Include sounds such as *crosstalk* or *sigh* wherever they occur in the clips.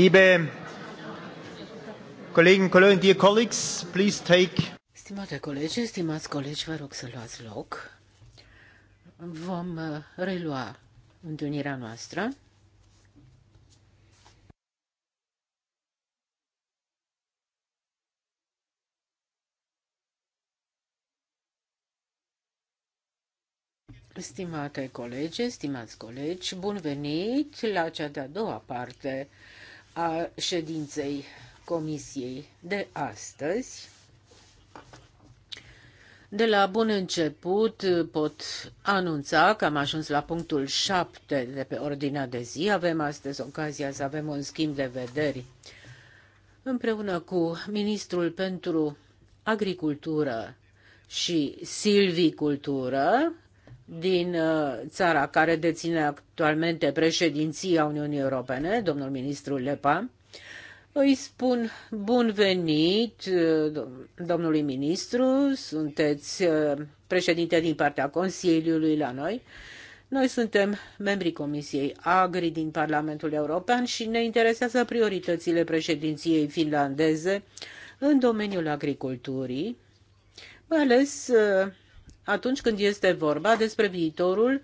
Liebe Kollegen, Kollegen, dear colleagues, please take... Stimate colegi, stimați colegi, vă rog să luați loc. Vom uh, relua întâlnirea noastră. Stimate colegi, stimați colegi, bun venit la cea de-a doua parte a ședinței Comisiei de astăzi. De la bun început pot anunța că am ajuns la punctul 7 de pe ordinea de zi. Avem astăzi ocazia să avem un schimb de vederi împreună cu Ministrul pentru Agricultură și Silvicultură, din uh, țara care deține actualmente președinția Uniunii Europene, domnul ministru Lepa. Îi spun bun venit uh, domnului ministru, sunteți uh, președinte din partea Consiliului la noi. Noi suntem membrii Comisiei Agri din Parlamentul European și ne interesează prioritățile președinției finlandeze în domeniul agriculturii, mai ales atunci când este vorba despre viitorul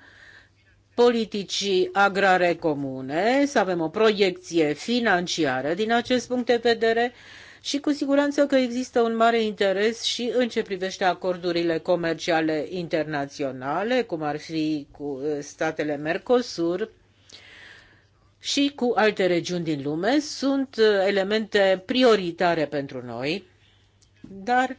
politicii agrare comune, să avem o proiecție financiară din acest punct de vedere și cu siguranță că există un mare interes și în ce privește acordurile comerciale internaționale, cum ar fi cu uh, statele Mercosur, și cu alte regiuni din lume sunt uh, elemente prioritare pentru noi, dar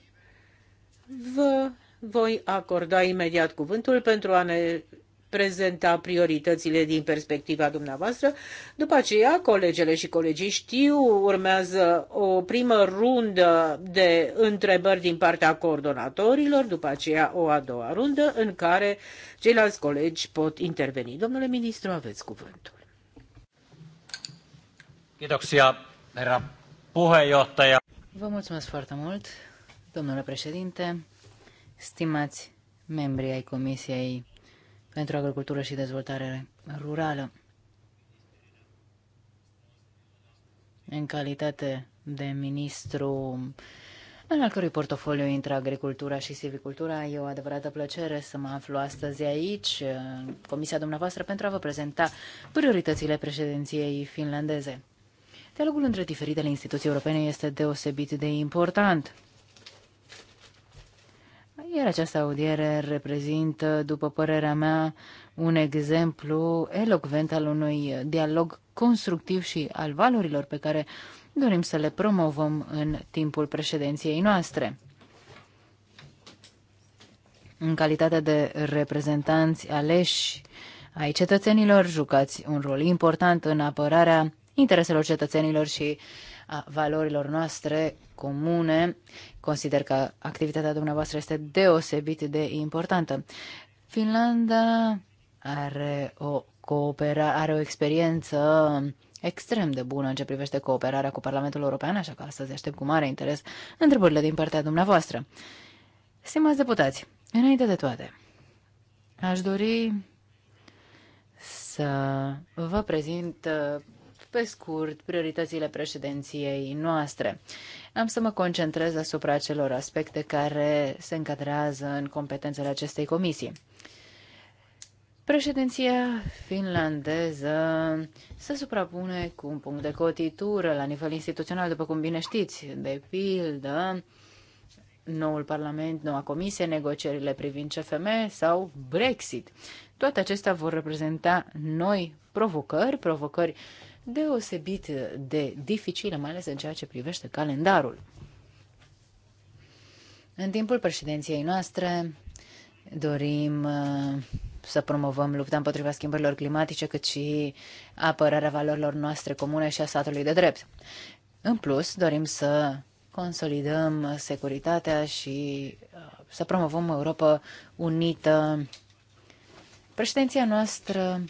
vă voi acorda imediat cuvântul pentru a ne prezenta prioritățile din perspectiva dumneavoastră. După aceea, colegele și colegii știu, urmează o primă rundă de întrebări din partea coordonatorilor, după aceea o a doua rundă în care ceilalți colegi pot interveni. Domnule ministru, aveți cuvântul. Kiitoksia, era puheenjohtaja. Vă mulțumesc foarte mult, domnule președinte, stimați membri ai Comisiei pentru Agricultură și Dezvoltare Rurală. În calitate de ministru în al cărui portofoliu intră agricultura și silvicultura, e o adevărată plăcere să mă aflu astăzi aici, în comisia dumneavoastră, pentru a vă prezenta prioritățile președinției finlandeze. Dialogul între diferitele instituții europene este deosebit de important. Iar această audiere reprezintă, după părerea mea, un exemplu elocvent al unui dialog constructiv și al valorilor pe care dorim să le promovăm în timpul președinției noastre. În calitate de reprezentanți aleși ai cetățenilor, jucați un rol important în apărarea intereselor cetățenilor și uh, a valorilor noastre comune. Consider că activitatea dumneavoastră este deosebit de importantă. Finlanda are o coopera- are o experiență extrem de bună în ce privește cooperarea cu Parlamentul European, așa că astăzi aștept cu mare interes întrebările din partea dumneavoastră. Stimați deputați, înainte de toate, aș dori să vă prezint uh, pe scurt, prioritățile președinției noastre. Am să mă concentrez asupra celor aspecte care se încadrează în competențele acestei comisii. Președinția finlandeză se suprapune cu un punct de cotitură la nivel instituțional, după cum bine știți. De pildă, noul Parlament, noua Comisie, negocierile privind CFM sau Brexit. Toate acestea vor reprezenta noi provocări, provocări deosebit de dificile, mai ales în ceea ce privește calendarul. În timpul președinției noastre dorim uh, să promovăm lupta împotriva schimbărilor climatice, cât și apărarea valorilor noastre comune și a statului de drept. În plus, dorim să consolidăm securitatea și uh, să promovăm Europa unită. Președinția noastră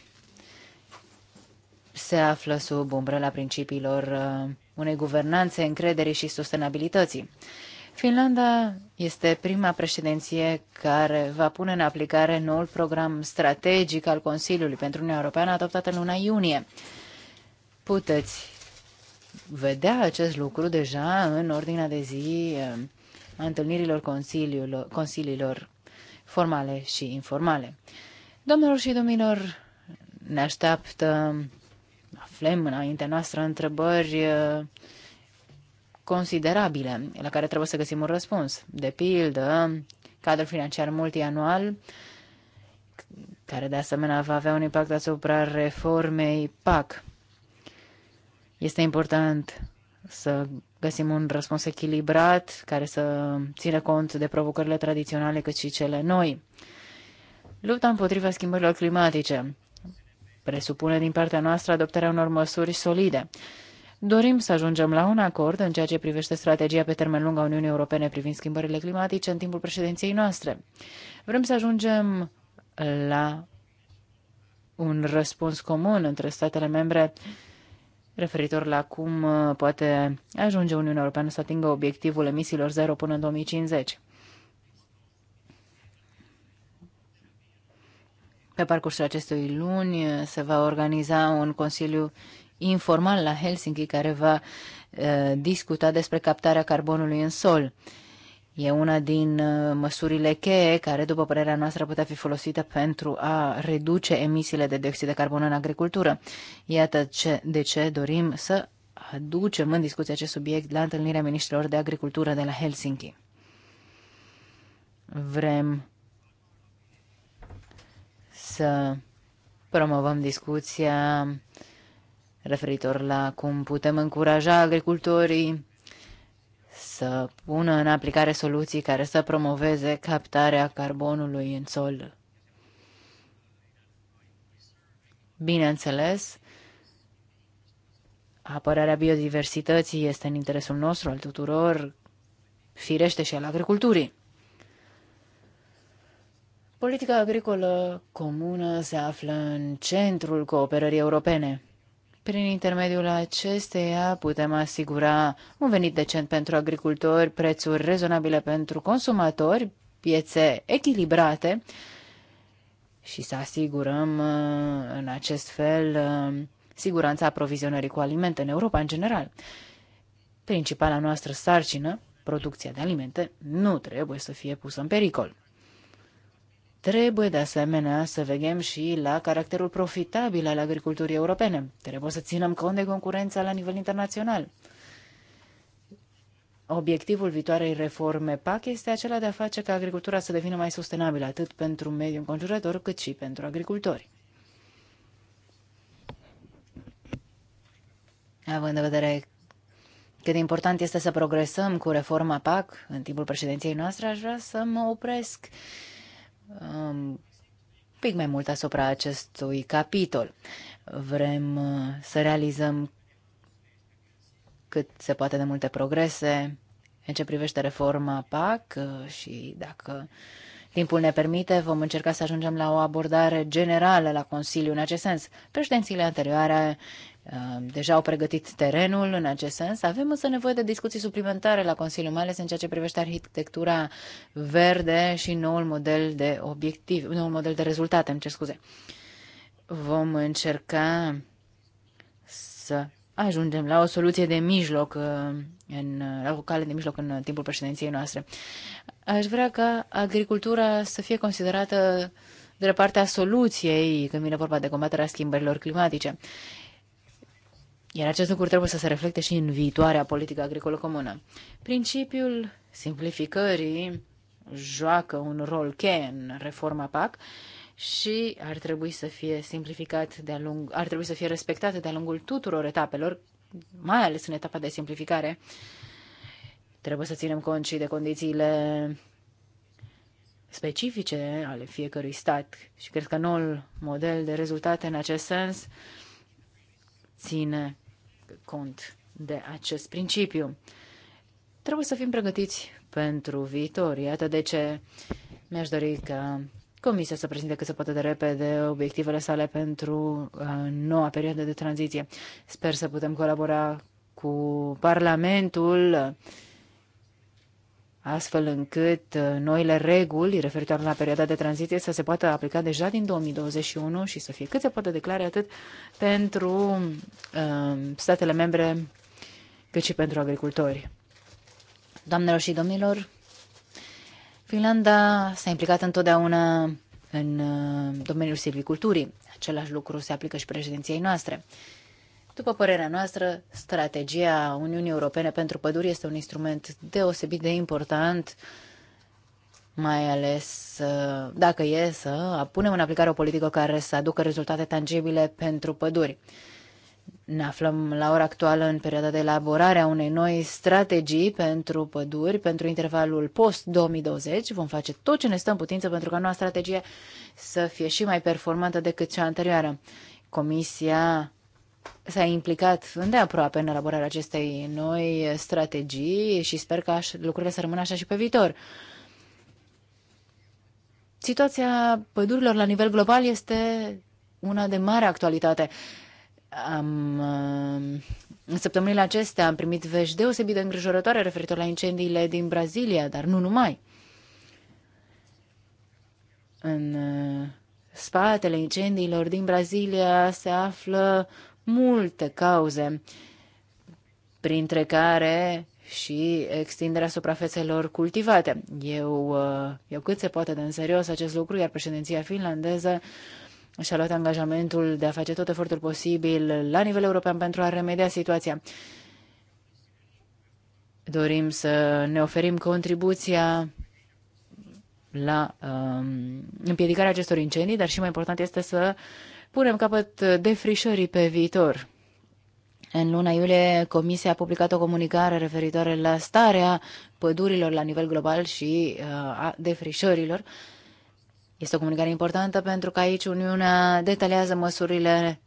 se află sub umbrela principiilor uh, unei guvernanțe, încrederii și sustenabilității. Finlanda este prima președinție care va pune în aplicare noul program strategic al Consiliului pentru Uniunea Europeană adoptat în luna iunie. Puteți vedea acest lucru deja în ordinea de zi uh, a întâlnirilor consiliilor, consiliilor formale și informale. Domnilor și domnilor, ne așteaptă aflăm înaintea noastră întrebări uh, considerabile, la care trebuie să găsim un răspuns. De pildă, cadrul financiar multianual, care de asemenea va avea un impact asupra reformei PAC. Este important să găsim un răspuns echilibrat care să țină cont de provocările tradiționale cât și cele noi. Lupta împotriva schimbărilor climatice presupune din partea noastră adoptarea unor măsuri solide. Dorim să ajungem la un acord în ceea ce privește strategia pe termen lung a Uniunii Europene privind schimbările climatice în timpul președinției noastre. Vrem să ajungem la un răspuns comun între statele membre referitor la cum uh, poate ajunge Uniunea Europeană să atingă obiectivul emisiilor zero până în 2050. Pe parcursul acestui luni se va organiza un consiliu informal la Helsinki care va eh, discuta despre captarea carbonului în sol. E una din eh, măsurile cheie care, după părerea noastră, putea fi folosită pentru a reduce emisiile de dioxid de carbon în agricultură. Iată ce, de ce dorim să aducem în discuție acest subiect la întâlnirea ministrilor de agricultură de la Helsinki. Vrem să promovăm discuția referitor la cum putem încuraja agricultorii să pună în aplicare soluții care să promoveze captarea carbonului în sol. Bineînțeles, apărarea biodiversității este în interesul nostru, al tuturor, firește și al agriculturii. Politica agricolă comună se află în centrul cooperării europene. Prin intermediul acesteia putem asigura un venit decent pentru agricultori, prețuri rezonabile pentru consumatori, piețe echilibrate și să asigurăm uh, în acest fel uh, siguranța aprovizionării cu alimente în Europa în general. Principala noastră sarcină, producția de alimente, nu trebuie să fie pusă în pericol. Trebuie de asemenea să vegem și la caracterul profitabil al agriculturii europene. Trebuie să ținem cont de concurența la nivel internațional. Obiectivul viitoarei reforme PAC este acela de a face ca agricultura să devină mai sustenabilă atât pentru mediul înconjurător cât și pentru agricultori. Având în vedere cât de important este să progresăm cu reforma PAC în timpul președinției noastre, aș vrea să mă opresc um, pic mai mult asupra acestui capitol. Vrem uh, să realizăm cât se poate de multe progrese în ce privește reforma PAC uh, și dacă timpul ne permite, vom încerca să ajungem la o abordare generală la Consiliu în acest sens. Președințiile anterioare Uh, deja au pregătit terenul în acest sens. Avem însă nevoie de discuții suplimentare la Consiliu, mai ales în ceea ce privește arhitectura verde și noul model de obiectiv, noul model de rezultate, îmi cer scuze. Vom încerca să ajungem la o soluție de mijloc, uh, în, la o cale de mijloc în timpul președinției noastre. Aș vrea ca agricultura să fie considerată de partea soluției când vine vorba de combaterea schimbărilor climatice. Iar acest lucru trebuie să se reflecte și în viitoarea politică agricolă comună. Principiul simplificării joacă un rol cheie în reforma PAC și ar trebui să fie simplificat de-a lung, ar trebui să fie respectat de-a lungul tuturor etapelor, mai ales în etapa de simplificare. Trebuie să ținem cont și de condițiile specifice ale fiecărui stat și cred că noul model de rezultate în acest sens ține cont de acest principiu. Trebuie să fim pregătiți pentru viitor. Iată de ce mi-aș dori ca Comisia să prezinte cât se poate de repede obiectivele sale pentru uh, noua perioadă de tranziție. Sper să putem colabora cu Parlamentul astfel încât uh, noile reguli referitoare la perioada de tranziție să se poată aplica deja din 2021 și să fie cât se poate declare atât pentru uh, statele membre cât și pentru agricultori. Doamnelor și domnilor, Finlanda s-a implicat întotdeauna în uh, domeniul silviculturii. Același lucru se aplică și președinției noastre. Uh, după părerea noastră, strategia Uniunii Europene pentru păduri este un instrument deosebit de important, mai ales uh, dacă e să punem în aplicare o politică care să aducă rezultate tangibile pentru păduri. Ne aflăm la ora actuală în perioada de elaborare a unei noi strategii pentru păduri, pentru intervalul post-2020. Vom face tot ce ne stă în putință pentru ca noua strategie să fie și mai performantă decât cea anterioară. Comisia s-a implicat îndeaproape în elaborarea acestei noi strategii și sper că lucrurile să rămână așa și pe viitor. Situația pădurilor la nivel global este una de mare actualitate. Am, uh, în săptămânile acestea am primit vești deosebit de îngrijorătoare referitor la incendiile din Brazilia, dar nu numai. În uh, spatele incendiilor din Brazilia se află uh, multe cauze, printre care și extinderea suprafețelor cultivate. Eu, uh, eu cât se poate de în serios acest lucru, iar președinția finlandeză și-a luat angajamentul de a face tot efortul posibil la nivel european pentru a remedia situația. Dorim să ne oferim contribuția la um, împiedicarea acestor incendii, dar și mai important este să punem capăt defrișării pe viitor. În luna iulie, Comisia a publicat o comunicare referitoare la starea pădurilor la nivel global și uh, a defrișărilor. Este o comunicare importantă pentru că aici Uniunea detaliază măsurile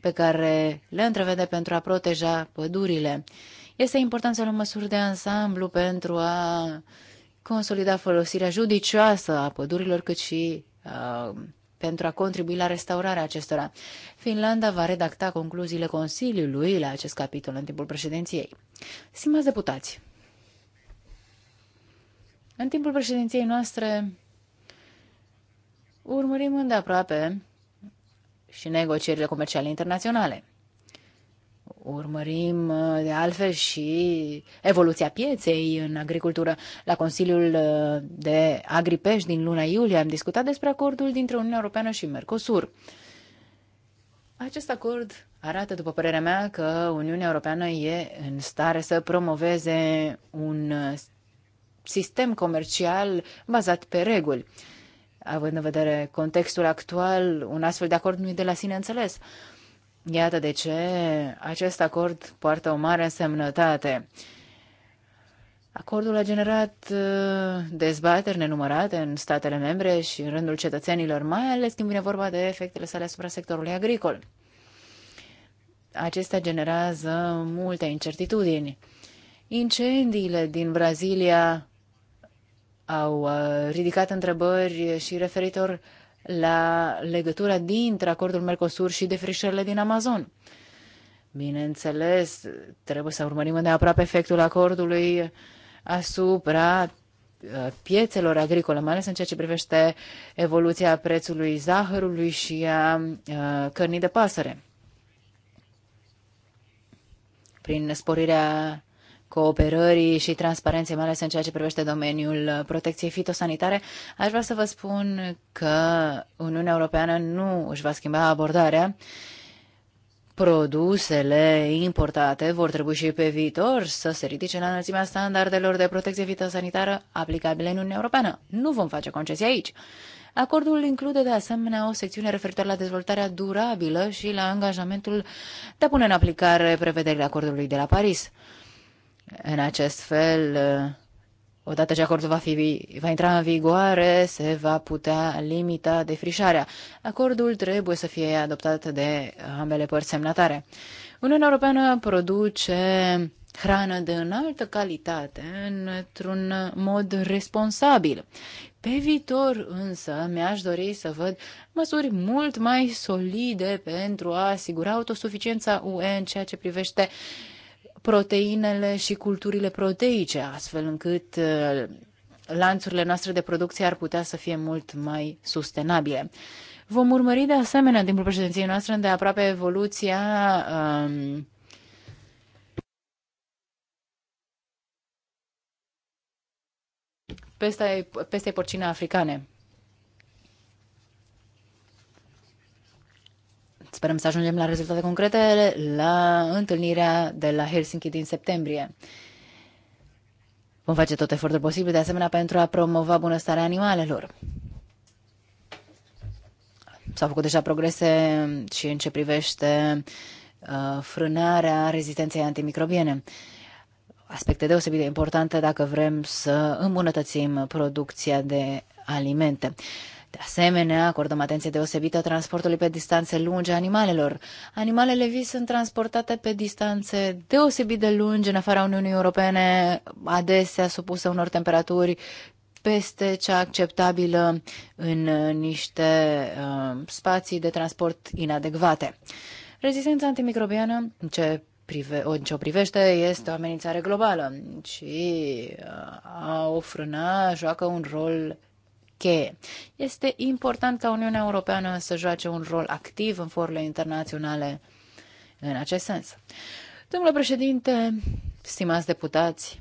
pe care le întrevede pentru a proteja pădurile. Este important să luăm măsuri de ansamblu pentru a consolida folosirea judicioasă a pădurilor, cât și uh, pentru a contribui la restaurarea acestora. Finlanda va redacta concluziile Consiliului la acest capitol în timpul președinției. Simați deputați, în timpul președinției noastre urmărim îndeaproape și negocierile comerciale internaționale. Urmărim uh, de altfel și evoluția pieței în agricultură. La Consiliul uh, de Agripeș din luna iulie am discutat despre acordul dintre Uniunea Europeană și Mercosur. Acest acord arată, după părerea mea, că Uniunea Europeană e în stare să promoveze un uh, sistem comercial bazat pe reguli. Având în vedere contextul actual, un astfel de acord nu e de la sine înțeles. Iată de ce acest acord poartă o mare însemnătate. Acordul a generat uh, dezbateri nenumărate în statele membre și în rândul cetățenilor, mai ales când vine vorba de efectele sale asupra sectorului agricol. Acestea generează multe incertitudini. Incendiile din Brazilia au uh, ridicat întrebări și referitor la legătura dintre acordul Mercosur și defrișările din Amazon. Bineînțeles, trebuie să urmărim îndeaproape efectul acordului asupra uh, piețelor agricole, mai ales în ceea ce privește evoluția prețului zahărului și a uh, cărnii de pasăre. Prin sporirea cooperării și transparenței, mai ales în ceea ce privește domeniul protecției fitosanitare, aș vrea să vă spun că Uniunea Europeană nu își va schimba abordarea. Produsele importate vor trebui și pe viitor să se ridice la înălțimea standardelor de protecție fitosanitară aplicabile în Uniunea Europeană. Nu vom face concesii aici. Acordul include de asemenea o secțiune referitoare la dezvoltarea durabilă și la angajamentul de a pune în aplicare prevederile acordului de la Paris. În acest fel, uh, odată ce acordul va, fi, va intra în vigoare, se va putea limita defrișarea. Acordul trebuie să fie adoptat de ambele părți semnatare. Uniunea Europeană produce hrană de înaltă calitate într-un mod responsabil. Pe viitor însă mi-aș dori să văd măsuri mult mai solide pentru a asigura autosuficiența UE în ceea ce privește uh, proteinele și culturile proteice, astfel încât uh, lanțurile noastre de producție ar putea să fie mult mai sustenabile. Vom urmări de asemenea, în timpul președinției noastre, de aproape evoluția um, peste, peste porcine africane. Sperăm să ajungem la rezultate concrete la întâlnirea de la Helsinki din septembrie. Vom face tot efortul posibil, de asemenea, pentru a promova bunăstarea animalelor. S-au făcut deja progrese și în ce privește uh, frânarea rezistenței antimicrobiene. Aspecte deosebit de importante dacă vrem să îmbunătățim producția de alimente. De asemenea, acordăm atenție deosebită transportului pe distanțe lungi a animalelor. Animalele vii sunt transportate pe distanțe deosebit de lungi în afara Uniunii Europene, adesea supuse unor temperaturi peste cea acceptabilă în niște uh, spații de transport inadecvate. Rezistența antimicrobiană, ce prive, în ce o privește, este o amenințare globală și uh, a o frâna joacă un rol cheie. Este important ca Uniunea Europeană să joace un rol activ în forurile internaționale în acest sens. Domnule președinte, stimați deputați,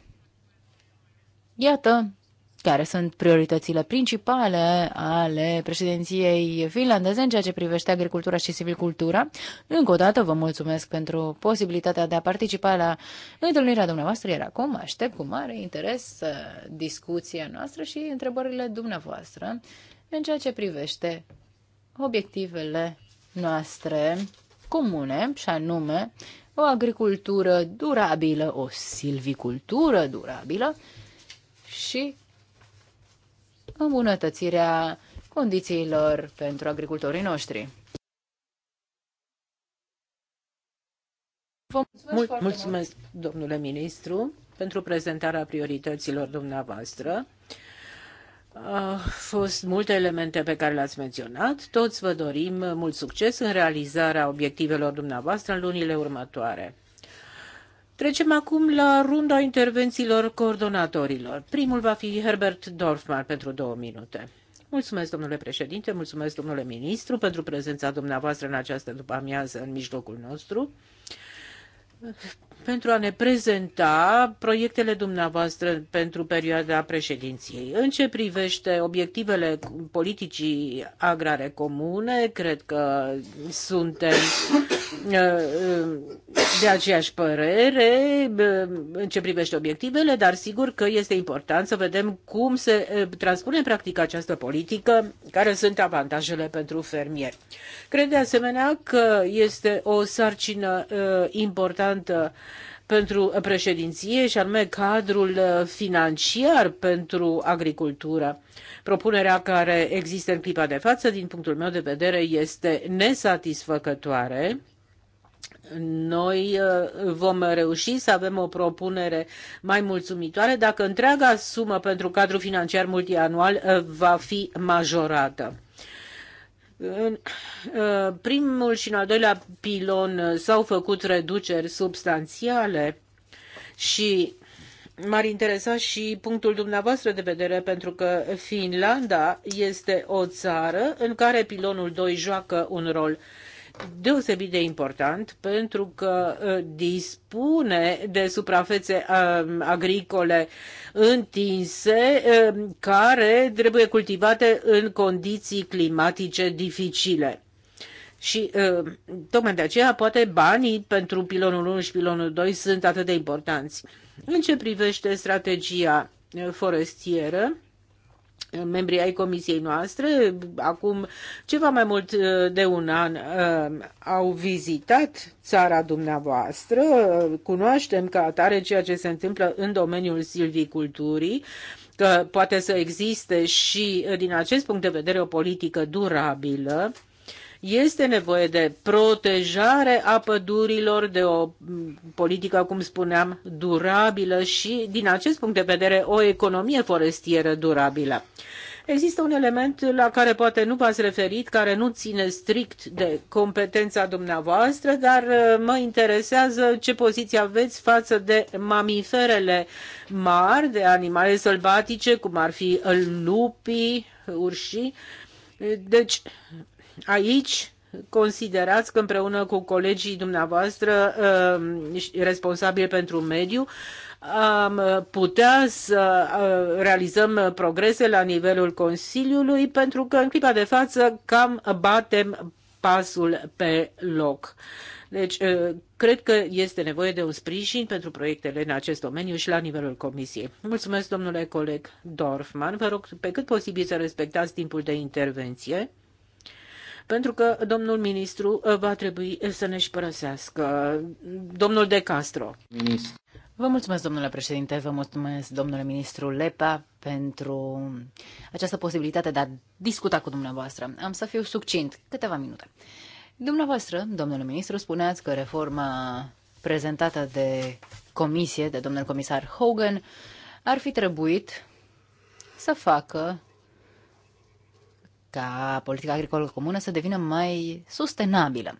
iată care sunt prioritățile principale ale președinției finlandeze în ceea ce privește agricultura și civilcultura. Încă o dată vă mulțumesc pentru posibilitatea de a participa la întâlnirea dumneavoastră, iar acum aștept cu mare interes uh, discuția noastră și întrebările dumneavoastră în ceea ce privește obiectivele noastre comune, și anume o agricultură durabilă, o silvicultură durabilă și îmbunătățirea condițiilor pentru agricultorii noștri. Vă mulțumesc, mulțumesc domnule ministru, pentru prezentarea priorităților dumneavoastră. Au fost multe elemente pe care le-ați menționat. Toți vă dorim mult succes în realizarea obiectivelor dumneavoastră în lunile următoare. Trecem acum la runda intervențiilor coordonatorilor. Primul va fi Herbert Dorfman pentru două minute. Mulțumesc, domnule președinte, mulțumesc, domnule ministru, pentru prezența dumneavoastră în această după-amiază în mijlocul nostru pentru a ne prezenta proiectele dumneavoastră pentru perioada președinției. În ce privește obiectivele politicii agrare comune, cred că suntem de aceeași părere în ce privește obiectivele, dar sigur că este important să vedem cum se transpune în practică această politică, care sunt avantajele pentru fermieri. Cred de asemenea că este o sarcină importantă pentru președinție și anume cadrul financiar pentru agricultură. Propunerea care există în clipa de față, din punctul meu de vedere, este nesatisfăcătoare noi uh, vom reuși să avem o propunere mai mulțumitoare dacă întreaga sumă pentru cadrul financiar multianual uh, va fi majorată. În uh, primul și în al doilea pilon s-au făcut reduceri substanțiale și M-ar interesa și punctul dumneavoastră de vedere, pentru că Finlanda este o țară în care pilonul 2 joacă un rol deosebit de important pentru că uh, dispune de suprafețe um, agricole întinse um, care trebuie cultivate în condiții climatice dificile. Și um, tocmai de aceea poate banii pentru pilonul 1 și pilonul 2 sunt atât de importanți. În ce privește strategia uh, forestieră, membrii ai comisiei noastre, acum ceva mai mult uh, de un an, uh, au vizitat țara dumneavoastră. Cunoaștem ca atare ceea ce se întâmplă în domeniul silviculturii, că poate să existe și uh, din acest punct de vedere o politică durabilă este nevoie de protejare a pădurilor, de o politică, cum spuneam, durabilă și, din acest punct de vedere, o economie forestieră durabilă. Există un element la care poate nu v-ați referit, care nu ține strict de competența dumneavoastră, dar uh, mă interesează ce poziție aveți față de mamiferele mari, de animale sălbatice, cum ar fi lupii, urșii. Deci, aici considerați că împreună cu colegii dumneavoastră um, responsabili pentru mediu am putea să uh, realizăm progrese la nivelul Consiliului pentru că în clipa de față cam batem pasul pe loc. Deci, uh, cred că este nevoie de un sprijin pentru proiectele în acest domeniu și la nivelul Comisiei. Mulțumesc, domnule coleg Dorfman. Vă rog pe cât posibil să respectați timpul de intervenție pentru că domnul ministru uh, va trebui să ne-și părăsească. Domnul De Castro. Ministru. Vă mulțumesc, domnule președinte, vă mulțumesc, domnule ministru Lepa, pentru această posibilitate de a discuta cu dumneavoastră. Am să fiu succint, câteva minute. Dumneavoastră, domnule ministru, spuneați că reforma prezentată de comisie, de domnul comisar Hogan, ar fi trebuit să facă ca politica agricolă comună să devină mai sustenabilă,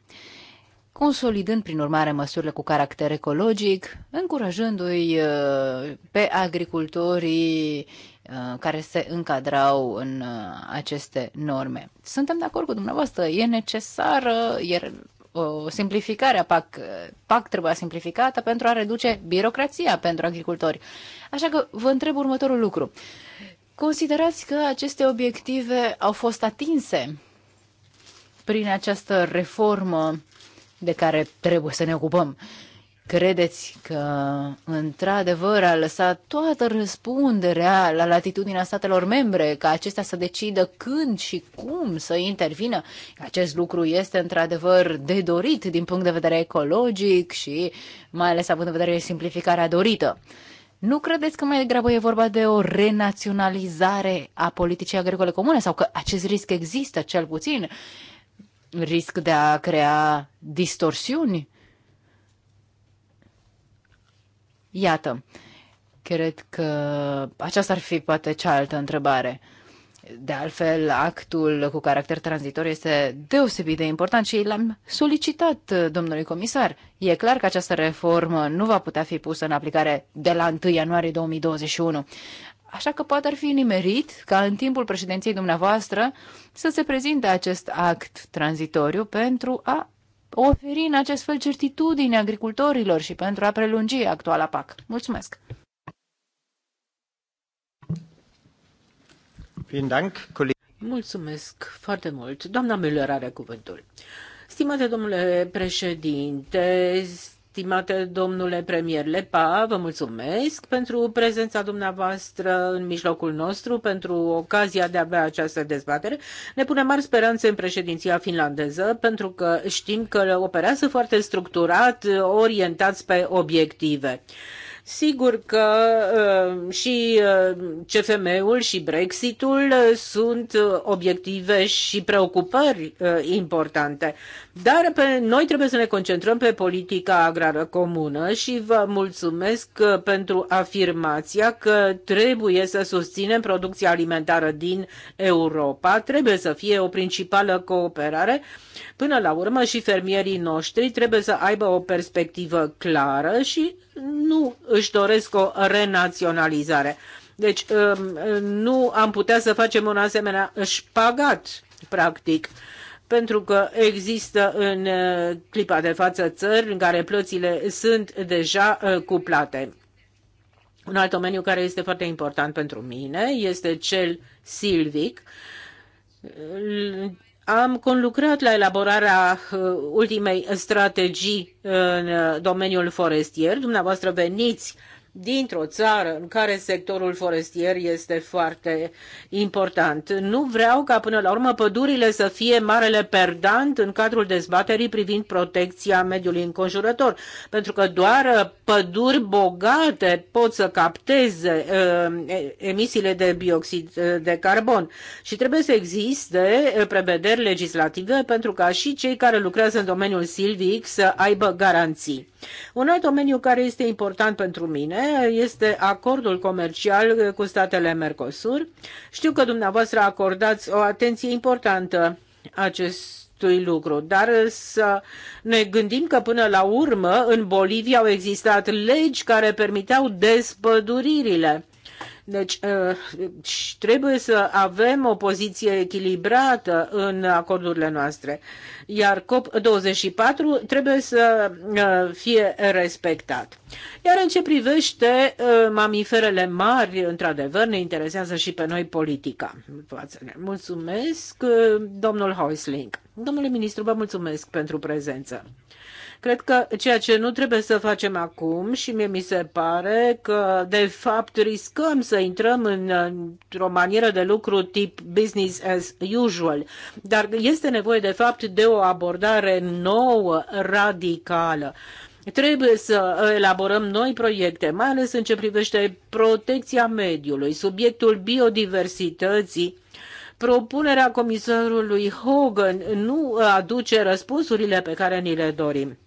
consolidând prin urmare măsurile cu caracter ecologic, încurajându-i uh, pe agricultorii uh, care se încadrau în uh, aceste norme. Suntem de acord cu dumneavoastră, e necesară, iar o simplificare a PAC. PAC trebuie simplificată pentru a reduce birocrația pentru agricultori. Așa că vă întreb următorul lucru. Considerați că aceste obiective au fost atinse prin această reformă de care trebuie să ne ocupăm? Credeți că, într-adevăr, a lăsat toată răspunderea la latitudinea statelor membre, ca acestea să decidă când și cum să intervină? Acest lucru este, într-adevăr, de dorit din punct de vedere ecologic și mai ales având în vedere simplificarea dorită. Nu credeți că mai degrabă e vorba de o renaționalizare a politicii agricole comune sau că acest risc există, cel puțin? Risc de a crea distorsiuni? Iată, cred că aceasta ar fi poate cealaltă întrebare. De altfel, actul cu caracter tranzitor este deosebit de important și l-am solicitat uh, domnului comisar. E clar că această reformă nu va putea fi pusă în aplicare de la 1 ianuarie 2021. Așa că poate ar fi nimerit ca în timpul președinției dumneavoastră să se prezinte acest act tranzitoriu pentru a oferi în acest fel certitudine agricultorilor și pentru a prelungi actuala PAC. Mulțumesc! Mulțumesc foarte mult. Doamna Müller are cuvântul. Stimate domnule președinte, Stimate domnule premier Lepa, vă mulțumesc pentru prezența dumneavoastră în mijlocul nostru, pentru ocazia de a avea această dezbatere. Ne punem mari speranțe în președinția finlandeză, pentru că știm că operează foarte structurat, orientați pe obiective. Sigur că uh, și uh, CFM-ul și Brexitul uh, sunt obiective și preocupări importante, dar pe noi trebuie să ne concentrăm pe politica agrară comună și vă mulțumesc uh, pentru afirmația că trebuie să susținem producția alimentară din Europa, trebuie să fie o principală cooperare. Până la urmă și fermierii noștri trebuie să aibă o perspectivă clară și nu își doresc o renaționalizare. Deci um, nu am putea să facem un asemenea șpagat, practic pentru că există în uh, clipa de față țări în care plățile sunt deja uh, cuplate. Un alt domeniu care este foarte important pentru mine este cel silvic. Am conlucrat la elaborarea uh, ultimei strategii în domeniul forestier. Dumneavoastră veniți dintr-o țară în care sectorul forestier este foarte important. Nu vreau ca până la urmă pădurile să fie marele perdant în cadrul dezbaterii privind protecția mediului înconjurător, pentru că doar păduri bogate pot să capteze uh, emisiile de bioxid uh, de carbon și trebuie să existe uh, prevederi legislative pentru ca și cei care lucrează în domeniul silvic să aibă garanții. Un alt domeniu care este important pentru mine este acordul comercial cu statele Mercosur. Știu că dumneavoastră acordați o atenție importantă acestui lucru, dar să ne gândim că până la urmă în Bolivia au existat legi care permiteau despăduririle. Deci uh, trebuie să avem o poziție echilibrată în acordurile noastre, iar COP24 trebuie să uh, fie respectat. Iar în ce privește uh, mamiferele mari, într-adevăr, ne interesează și pe noi politica. Mulțumesc, domnul Häusling. Domnule ministru, vă mulțumesc pentru prezență. Cred că ceea ce nu trebuie să facem acum și mie mi se pare că de fapt riscăm să intrăm în, într-o manieră de lucru tip business as usual, dar este nevoie de fapt de o abordare nouă, radicală. Trebuie să elaborăm noi proiecte, mai ales în ce privește protecția mediului, subiectul biodiversității. Propunerea comisarului Hogan nu aduce răspunsurile pe care ni le dorim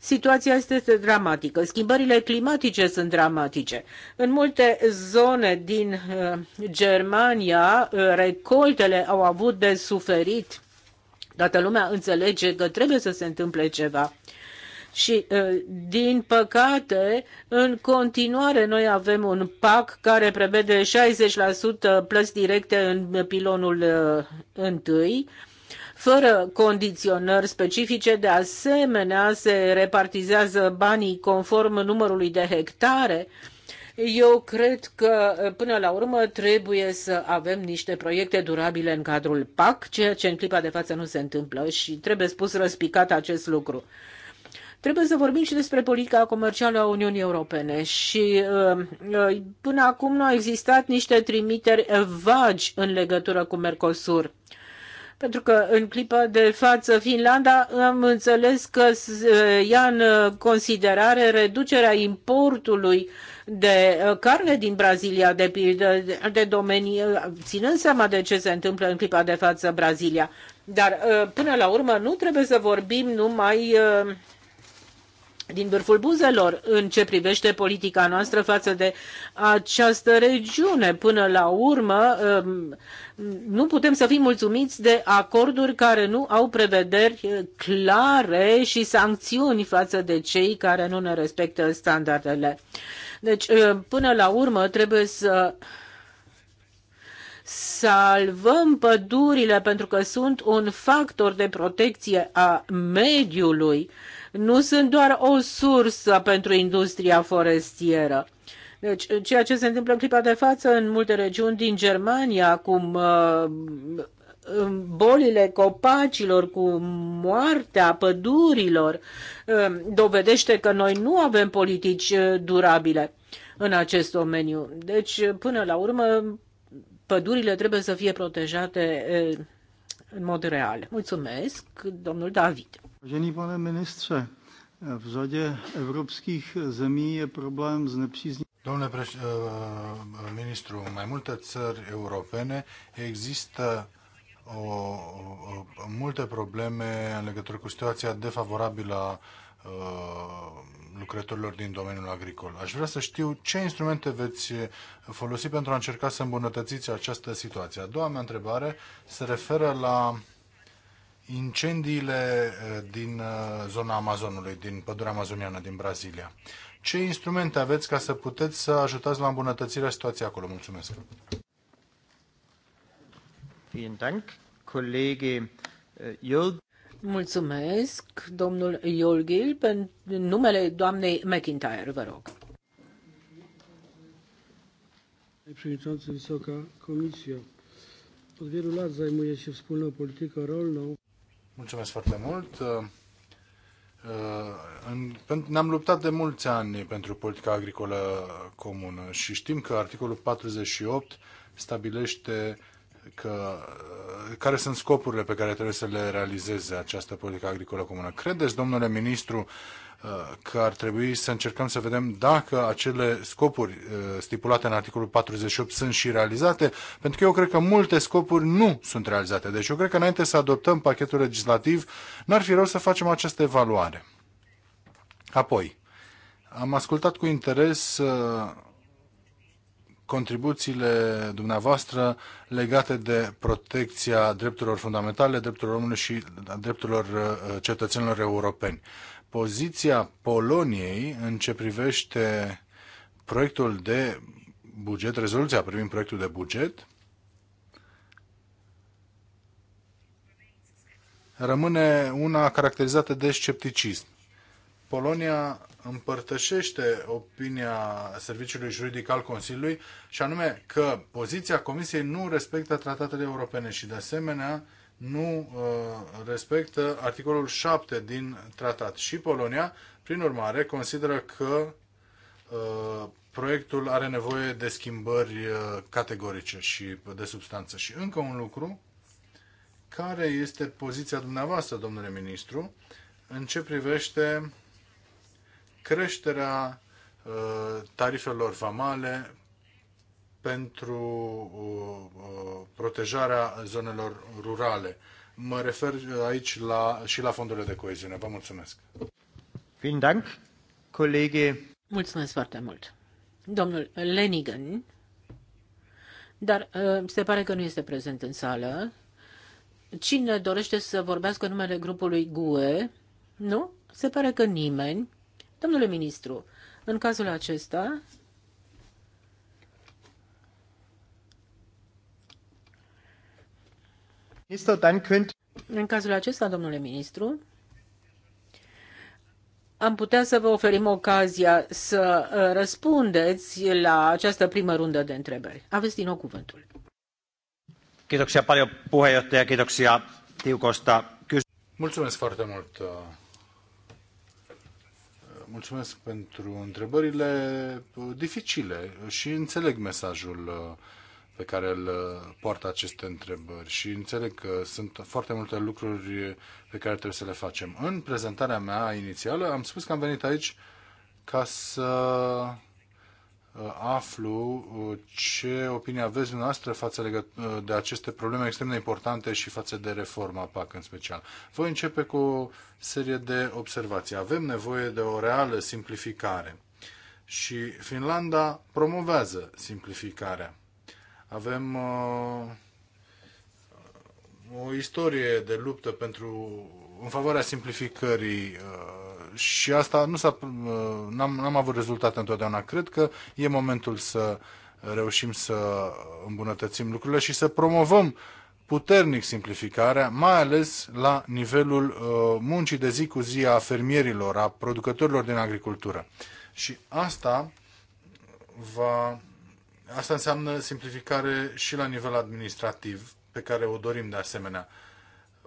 situația este dramatică. Schimbările climatice sunt dramatice. În multe zone din uh, Germania, uh, recoltele au avut de suferit. Toată lumea înțelege că trebuie să se întâmple ceva. Și, uh, din păcate, în continuare noi avem un PAC care prevede 60% plăți directe în pilonul întâi fără condiționări specifice. De asemenea, se repartizează banii conform numărului de hectare. Eu cred că, până la urmă, trebuie să avem niște proiecte durabile în cadrul PAC, ceea ce în clipa de față nu se întâmplă și trebuie spus răspicat acest lucru. Trebuie să vorbim și despre politica comercială a Uniunii Europene și uh, uh, până acum nu au existat niște trimiteri vagi în legătură cu Mercosur. Pentru că în clipa de față Finlanda am înțeles că ia în considerare reducerea importului de carne din Brazilia, de, de, de domenii, ținând seama de ce se întâmplă în clipa de față Brazilia. Dar până la urmă nu trebuie să vorbim numai uh, din vârful buzelor în ce privește politica noastră față de această regiune. Până la urmă, um, nu putem să fim mulțumiți de acorduri care nu au prevederi clare și sancțiuni față de cei care nu ne respectă standardele. Deci, um, până la urmă, trebuie să salvăm pădurile pentru că sunt un factor de protecție a mediului nu sunt doar o sursă pentru industria forestieră. Deci, ceea ce se întâmplă în clipa de față în multe regiuni din Germania, cum uh, bolile copacilor, cu moartea pădurilor, uh, dovedește că noi nu avem politici uh, durabile în acest domeniu. Deci, până la urmă, pădurile trebuie să fie protejate în mod real. Mulțumesc, domnul David. Vážený pane ministře, v řadě evropských zemí je problém s nepřízní... Domnule preș- eh, eh, ministru, mai multe țări europene există o, o, multe probleme în legătură cu situația defavorabilă a eh, lucrătorilor din domeniul agricol. Aș vrea să știu ce instrumente veți folosi pentru a încerca să îmbunătățiți această situație. A doua mea întrebare se referă la incendiile eh, din eh, zona Amazonului, din pădurea amazoniană din Brazilia. Ce instrumente aveți ca să puteți să ajutați la îmbunătățirea situației acolo? Mulțumesc! Eh, Mulțumesc, domnul Iolgil, pentru numele doamnei McIntyre, vă rog. Przewodniczący Wysoka Komisja. Od wielu lat zajmuję się wspólną polityką rolną. Mulțumesc foarte mult. Uh, uh, ne-am luptat de mulți ani pentru politica agricolă comună și știm că articolul 48 stabilește că, care sunt scopurile pe care trebuie să le realizeze această politică agricolă comună. Credeți, domnule ministru, uh, că ar trebui să încercăm să vedem dacă acele scopuri uh, stipulate în articolul 48 sunt și realizate, pentru că eu cred că multe scopuri nu sunt realizate. Deci eu cred că înainte să adoptăm pachetul legislativ, n-ar fi rău să facem această evaluare. Apoi, am ascultat cu interes uh, contribuțiile dumneavoastră legate de protecția drepturilor fundamentale, drepturilor omului și drepturilor uh, cetățenilor europeni. Poziția Poloniei în ce privește proiectul de buget, rezoluția privind proiectul de buget, rămâne una caracterizată de scepticism. Polonia împărtășește opinia Serviciului Juridic al Consiliului și anume că poziția Comisiei nu respectă tratatele europene și de asemenea nu uh, respectă articolul 7 din tratat. Și Polonia, prin urmare, consideră că uh, proiectul are nevoie de schimbări uh, categorice și de substanță. Și încă un lucru, care este poziția dumneavoastră, domnule ministru, în ce privește creșterea uh, tarifelor vamale pentru uh, uh, protejarea zonelor rurale. Mă refer aici la, și la fondurile de coeziune. Vă mulțumesc. Vielen Dank, colegi. Mulțumesc foarte mult. Domnul Lenigan, dar se pare că nu este prezent în sală. Cine dorește să vorbească numele grupului GUE? Nu? Se pare că nimeni. Domnule ministru, în cazul acesta, În cazul acesta, domnule ministru, am putea să vă oferim ocazia să uh, răspundeți la această primă rundă de întrebări. Aveți din nou cuvântul. Kiitoksia paljon puheenjohtaja, kiitoksia tiukosta Mulțumesc foarte mult, uh, mulțumesc pentru întrebările uh, dificile și înțeleg mesajul uh, pe care îl uh, poartă aceste întrebări și înțeleg că sunt foarte multe lucruri pe care trebuie să le facem. În prezentarea mea inițială am spus că am venit aici ca să Uh, aflu uh, ce opinie aveți dumneavoastră față uh, de aceste probleme extrem de importante și față de reforma PAC în special. Voi începe cu o serie de observații. Avem nevoie de o reală simplificare și Finlanda promovează simplificarea. Avem uh, o istorie de luptă pentru în favoarea simplificării uh, și asta nu s-a, uh, n-am, n-am avut rezultate întotdeauna. Cred că e momentul să reușim să îmbunătățim lucrurile și să promovăm puternic simplificarea, mai ales la nivelul uh, muncii de zi cu zi a fermierilor, a producătorilor din agricultură. Și asta va asta înseamnă simplificare și la nivel administrativ, pe care o dorim de asemenea.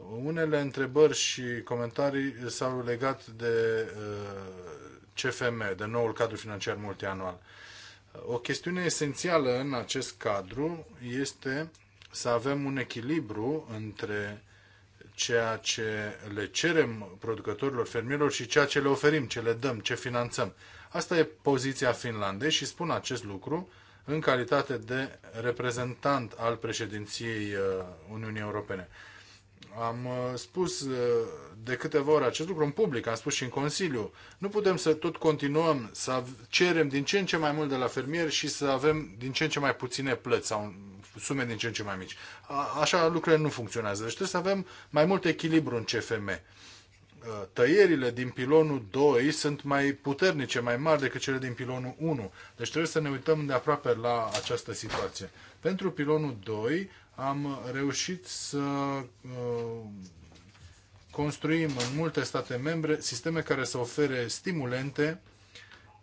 Unele întrebări și comentarii s-au legat de uh, CFM, de noul cadru financiar multianual. O chestiune esențială în acest cadru este să avem un echilibru între ceea ce le cerem producătorilor, fermierilor și ceea ce le oferim, ce le dăm, ce finanțăm. Asta e poziția Finlandei și spun acest lucru în calitate de reprezentant al președinției uh, Uniunii Europene. Am uh, spus uh, de câteva ori acest lucru în public, am spus și în Consiliu. Nu putem să tot continuăm să cerem din ce în ce mai mult de la fermieri și să avem din ce în ce mai puține plăți sau sume din ce în ce mai mici. Așa lucrurile nu funcționează. Deci trebuie să avem mai mult echilibru în CFM. Uh, tăierile din pilonul 2 sunt mai puternice, mai mari decât cele din pilonul 1. Deci trebuie să ne uităm de aproape la această situație. Pentru pilonul 2 am reușit să uh, construim în multe state membre sisteme care să ofere stimulente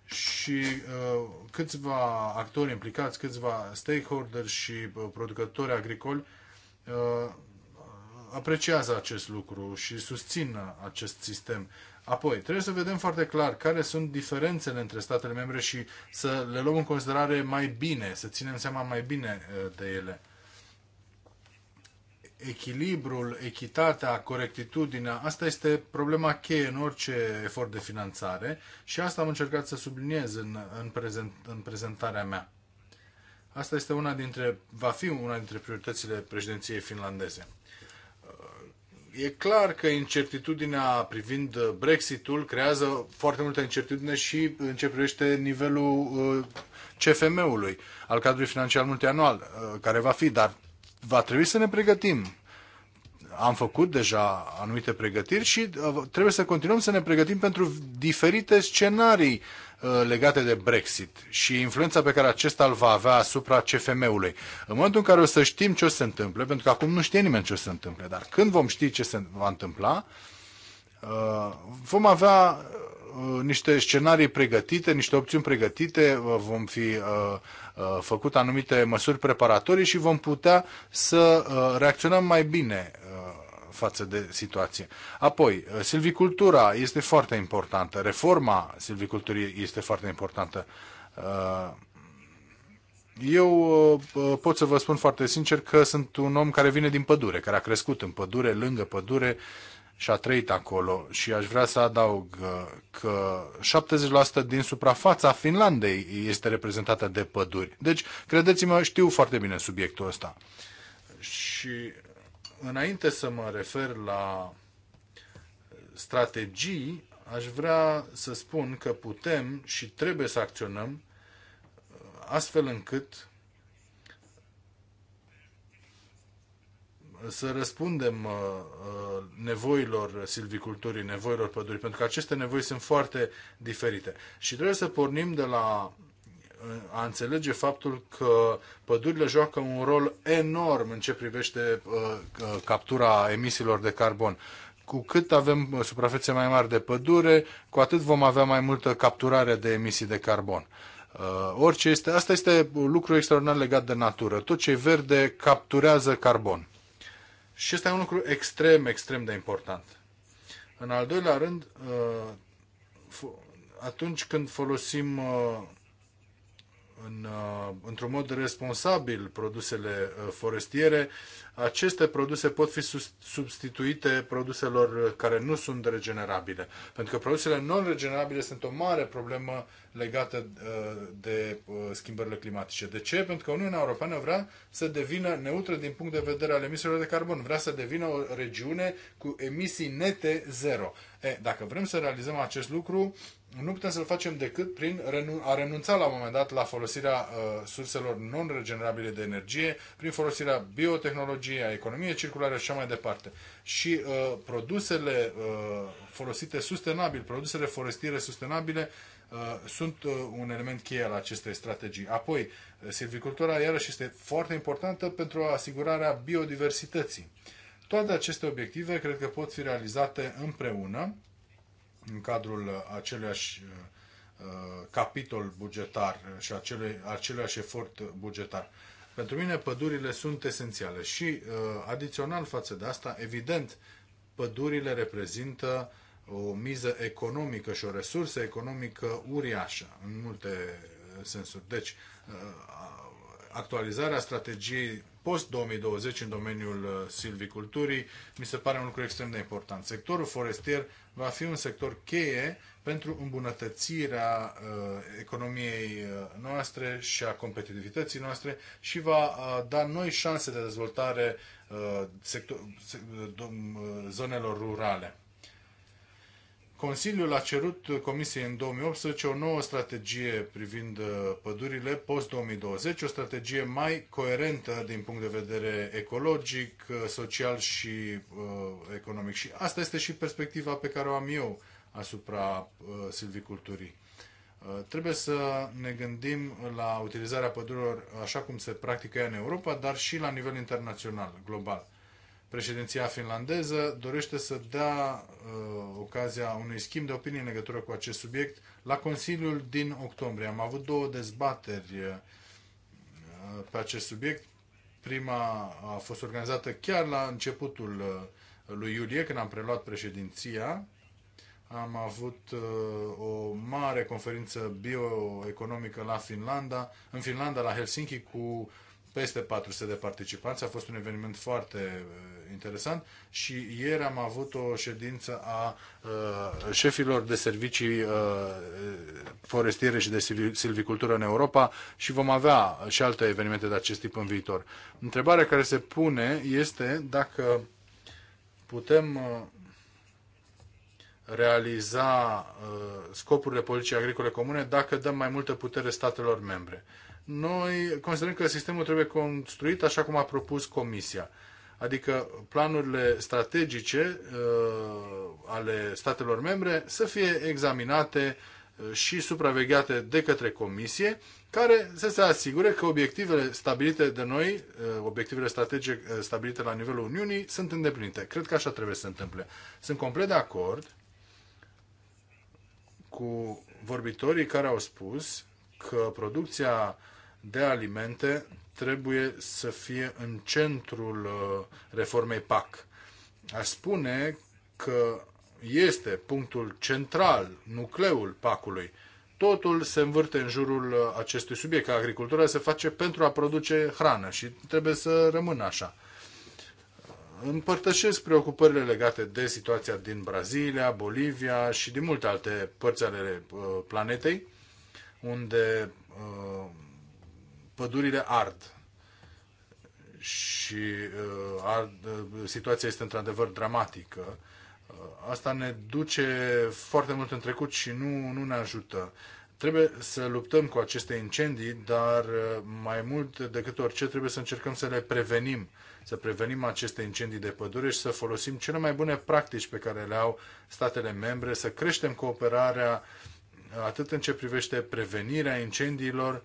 și uh, câțiva actori implicați, câțiva stakeholder și uh, producători agricoli apreciază acest lucru și susțin acest sistem. Apoi, trebuie să vedem foarte clar care sunt diferențele între statele membre și să le luăm în considerare mai bine, să ținem seama mai bine de ele echilibrul, echitatea, corectitudinea, asta este problema cheie în orice efort de finanțare și asta am încercat să subliniez în, în, prezent, în prezentarea mea. Asta este una dintre, va fi una dintre prioritățile președinției finlandeze. E clar că incertitudinea privind Brexitul creează foarte multă incertitudine și în ce privește nivelul uh, CFM-ului, al cadrului financiar multianual, uh, care va fi, dar va trebui să ne pregătim. Am făcut deja anumite pregătiri și uh, trebuie să continuăm să ne pregătim pentru diferite scenarii uh, legate de Brexit și influența pe care acesta îl va avea asupra CFM-ului. În momentul în care o să știm ce o să se întâmple, pentru că acum nu știe nimeni ce o să se întâmple, dar când vom ști ce se va întâmpla, uh, vom avea niște scenarii pregătite, niște opțiuni pregătite, vom fi Uh, făcut anumite măsuri preparatorii și vom putea să uh, reacționăm mai bine uh, față de situație. Apoi, silvicultura este foarte importantă, reforma silviculturii este foarte importantă. Eu pot să vă spun foarte sincer că sunt un om care vine din pădure, care a crescut în pădure, lângă pădure și a trăit acolo și aș vrea să adaug uh, că 70% din suprafața Finlandei este reprezentată de păduri. Deci, credeți-mă, știu foarte bine subiectul ăsta. Și înainte să mă refer la strategii, aș vrea să spun că putem și trebuie să acționăm uh, astfel încât să răspundem uh, uh, nevoilor silviculturii, nevoilor pădurii, pentru că aceste nevoi sunt foarte diferite. Și trebuie să pornim de la uh, a înțelege faptul că pădurile joacă un rol enorm în ce privește captura emisiilor de carbon. Cu cât avem suprafețe mai mari de pădure, cu atât vom avea mai multă capturare de emisii de carbon. Uh, orice este, asta este lucru extraordinar legat de natură. Tot ce e verde capturează carbon. Și ăsta e un lucru extrem, extrem de important. În al doilea rând, uh, atunci când folosim uh, în, uh, într-un mod responsabil produsele uh, forestiere, aceste produse pot fi substituite produselor uh, care nu sunt regenerabile. Pentru că produsele non-regenerabile sunt o mare problemă legată de schimbările climatice. De ce? Pentru că Uniunea Europeană vrea să devină neutră din punct de vedere al emisiilor de carbon. Vrea să devină o regiune cu emisii nete zero. E, dacă vrem să realizăm acest lucru, nu putem să-l facem decât prin a renunța la un moment dat la folosirea uh, surselor non-regenerabile de energie, prin folosirea biotehnologiei, a economiei circulare și așa mai departe. Și uh, produsele uh, folosite sustenabil, produsele forestiere sustenabile, uh, sunt uh, un element cheie al acestei strategii. Apoi, silvicultura iarăși este foarte importantă pentru asigurarea biodiversității. Toate aceste obiective cred că pot fi realizate împreună în cadrul aceleași uh, uh, capitol bugetar uh, și acelui, efort bugetar. Pentru mine pădurile sunt esențiale și adițional față de asta, evident, pădurile reprezintă o miză economică și o resursă economică uriașă în multe sensuri. Deci, actualizarea strategiei post-2020 în domeniul uh, silviculturii, mi se pare un lucru extrem de important. Sectorul forestier va fi un sector cheie pentru îmbunătățirea uh, economiei uh, noastre și a competitivității noastre și va da noi șanse de dezvoltare zonelor rurale. Consiliul a cerut Comisiei în 2018 o nouă strategie privind uh, pădurile post-2020, o strategie mai coerentă din punct de vedere ecologic, uh, social și uh, economic. Și asta este și perspectiva pe care o am eu asupra uh, silviculturii. Uh, trebuie să ne gândim la utilizarea pădurilor așa cum se practică ea în Europa, dar și la nivel internațional, global. Președinția finlandeză dorește să dea uh, ocazia unui schimb de opinie în legătură cu acest subiect la Consiliul din octombrie. Am avut două dezbateri uh, pe acest subiect. Prima a fost organizată chiar la începutul uh, lui iulie, când am preluat președinția. Am avut uh, o mare conferință bioeconomică la Finlanda, în Finlanda, la Helsinki, cu peste 400 de participanți. A fost un eveniment foarte uh, interesant și ieri am avut o ședință a uh, șefilor de servicii uh, forestiere și de silvicultură în Europa și vom avea și alte evenimente de acest tip în viitor. Întrebarea care se pune este dacă putem uh, realiza uh, scopurile politicii agricole comune dacă dăm mai multă putere statelor membre. Noi considerăm că sistemul trebuie construit așa cum a propus Comisia. Adică planurile strategice uh, ale statelor membre să fie examinate uh, și supravegheate de către Comisie, care să se asigure că obiectivele stabilite de noi, uh, obiectivele strategice uh, stabilite la nivelul Uniunii, sunt îndeplinite. Cred că așa trebuie să se întâmple. Sunt complet de acord cu vorbitorii care au spus că producția de alimente trebuie să fie în centrul uh, reformei PAC. Aș spune că este punctul central, nucleul PAC-ului. Totul se învârte în jurul uh, acestui subiect. Agricultura se face pentru a produce hrană și trebuie să rămână așa. Împărtășesc preocupările legate de situația din Brazilia, Bolivia și din multe alte părți ale uh, planetei, unde pădurile ard. Și uh, uh, situația este într-adevăr dramatică. Uh, asta ne duce foarte mult în trecut și nu, nu ne ajută. Trebuie să luptăm cu aceste incendii, dar uh, mai mult decât orice trebuie să încercăm să le prevenim, să prevenim aceste incendii de pădure și să folosim cele mai bune practici pe care le au statele membre, să creștem cooperarea uh, atât în ce privește prevenirea incendiilor,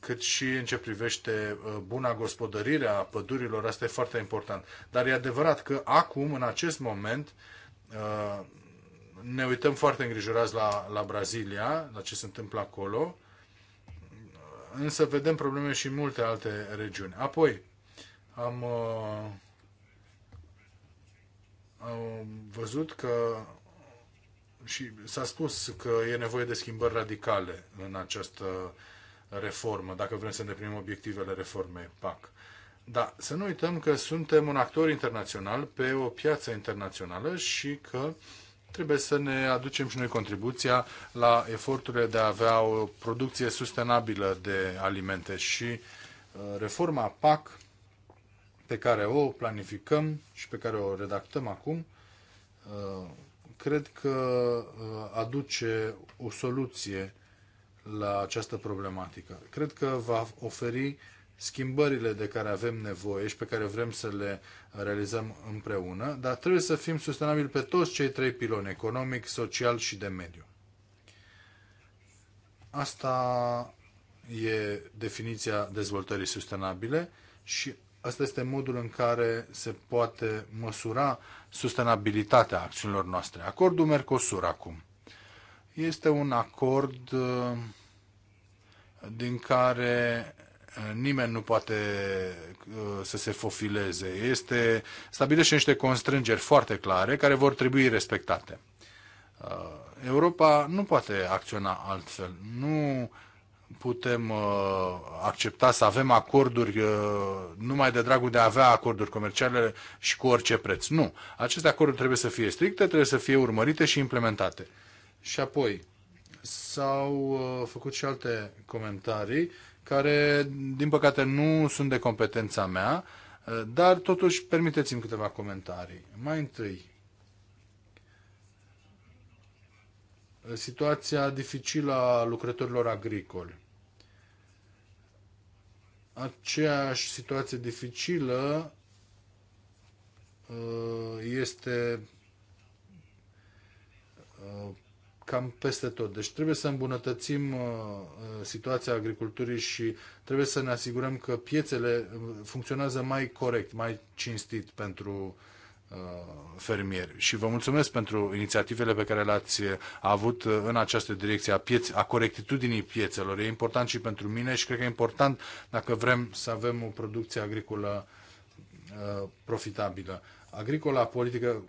cât și în ce privește uh, buna gospodărire a pădurilor, asta e foarte important. Dar e adevărat că acum, în acest moment, uh, ne uităm foarte îngrijorați la, la Brazilia, la ce se întâmplă acolo, însă vedem probleme și în multe alte regiuni. Apoi, am, uh, am văzut că și s-a spus că e nevoie de schimbări radicale în această reformă, dacă vrem să îndeplinim obiectivele reformei PAC. Dar să nu uităm că suntem un actor internațional pe o piață internațională și că trebuie să ne aducem și noi contribuția la eforturile de a avea o producție sustenabilă de alimente și uh, reforma PAC pe care o planificăm și pe care o redactăm acum, uh, cred că uh, aduce o soluție la această problematică. Cred că va oferi schimbările de care avem nevoie și pe care vrem să le realizăm împreună, dar trebuie să fim sustenabili pe toți cei trei piloni, economic, social și de mediu. Asta e definiția dezvoltării sustenabile și asta este modul în care se poate măsura sustenabilitatea acțiunilor noastre. Acordul Mercosur acum. Este un acord uh, din care uh, nimeni nu poate uh, să se fofileze. Este stabilește niște constrângeri foarte clare care vor trebui respectate. Europa nu poate acționa altfel. Nu putem uh, accepta să avem acorduri uh, numai de dragul de a avea acorduri comerciale și cu orice preț. Nu. Aceste acorduri trebuie să fie stricte, trebuie să fie urmărite și implementate. Și apoi s-au uh, făcut și alte comentarii care, din păcate, nu sunt de competența mea, uh, dar totuși permiteți-mi câteva comentarii. Mai întâi, situația dificilă a lucrătorilor agricoli. Aceeași situație dificilă uh, este cam peste tot. Deci trebuie să îmbunătățim uh, uh, situația agriculturii și trebuie să ne asigurăm că piețele uh, funcționează mai corect, mai cinstit pentru fermieri. Și vă mulțumesc pentru inițiativele pe care le-ați avut în această direcție a, pieț- a corectitudinii piețelor. E important și pentru mine și cred că e important dacă vrem să avem o producție agricolă profitabilă. Agricola politică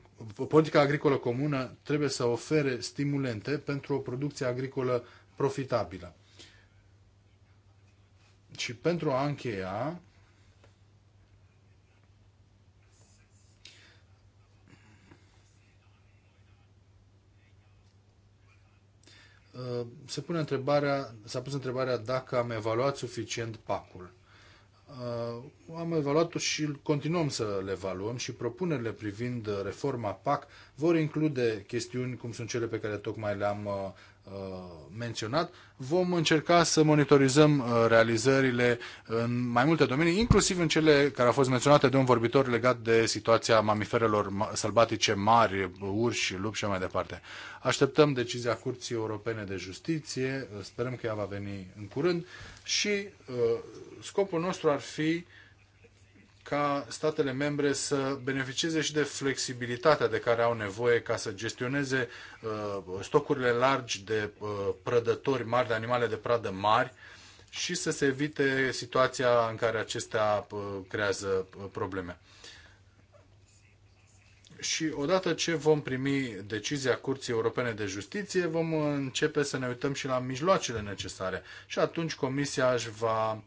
politica agricolă comună trebuie să ofere stimulente pentru o producție agricolă profitabilă. Și pentru a încheia, se pune întrebarea, s-a pus întrebarea dacă am evaluat suficient pacul. Uh, am evaluat-o și continuăm să le evaluăm și propunerile privind uh, reforma PAC vor include chestiuni cum sunt cele pe care tocmai le-am uh, Uh, menționat, vom încerca să monitorizăm uh, realizările în mai multe domenii, inclusiv în cele care au fost menționate de un vorbitor legat de situația mamiferelor sălbatice mari, urși, lupi și mai departe. Așteptăm decizia Curții Europene de Justiție, uh, sperăm că ea va veni în curând și scopul nostru ar fi ca statele membre să beneficieze și de flexibilitatea de care au nevoie ca să gestioneze uh, stocurile largi de uh, prădători mari, de animale de pradă mari și să se evite situația în care acestea uh, creează probleme. Și odată ce vom primi decizia Curții Europene de Justiție, vom începe să ne uităm și la mijloacele necesare. Și atunci Comisia își va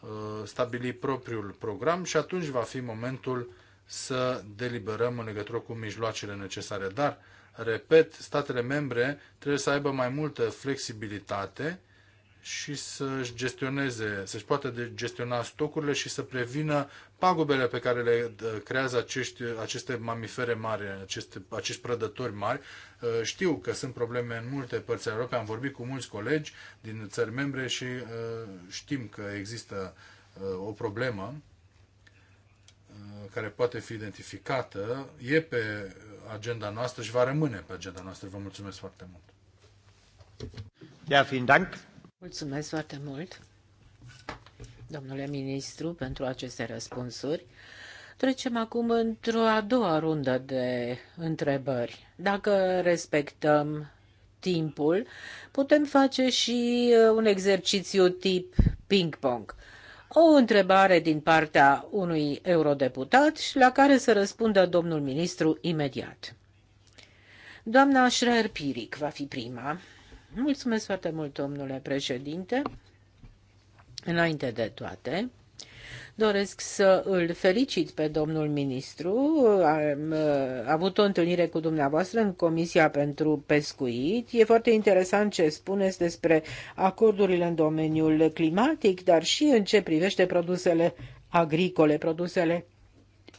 Uh, stabili propriul program și atunci va fi momentul să deliberăm în legătură cu mijloacele necesare. Dar, repet, statele membre trebuie să aibă mai multă flexibilitate și să-și gestioneze, să-și poată gestiona stocurile și să prevină pagubele pe care le uh, creează acești, aceste mamifere mari, aceste, acești prădători mari. Uh, știu că sunt probleme în multe părți ale Europei, am vorbit cu mulți colegi din țări membre și uh, știm că există o problemă care poate fi identificată, e pe agenda noastră și va rămâne pe agenda noastră. Vă mulțumesc foarte mult! Ja, vielen Dank. Mulțumesc foarte mult, domnule ministru, pentru aceste răspunsuri. Trecem acum într-o a doua rundă de întrebări. Dacă respectăm timpul, putem face și uh, un exercițiu tip ping-pong. O întrebare din partea unui eurodeputat, și la care să răspundă domnul ministru imediat. Doamna Schreier-Piric va fi prima. Mulțumesc foarte mult, domnule președinte. Înainte de toate, doresc să îl felicit pe domnul ministru. Am uh, avut o întâlnire cu dumneavoastră în Comisia pentru Pescuit. E foarte interesant ce spuneți despre acordurile în domeniul climatic, dar și în ce privește produsele agricole, produsele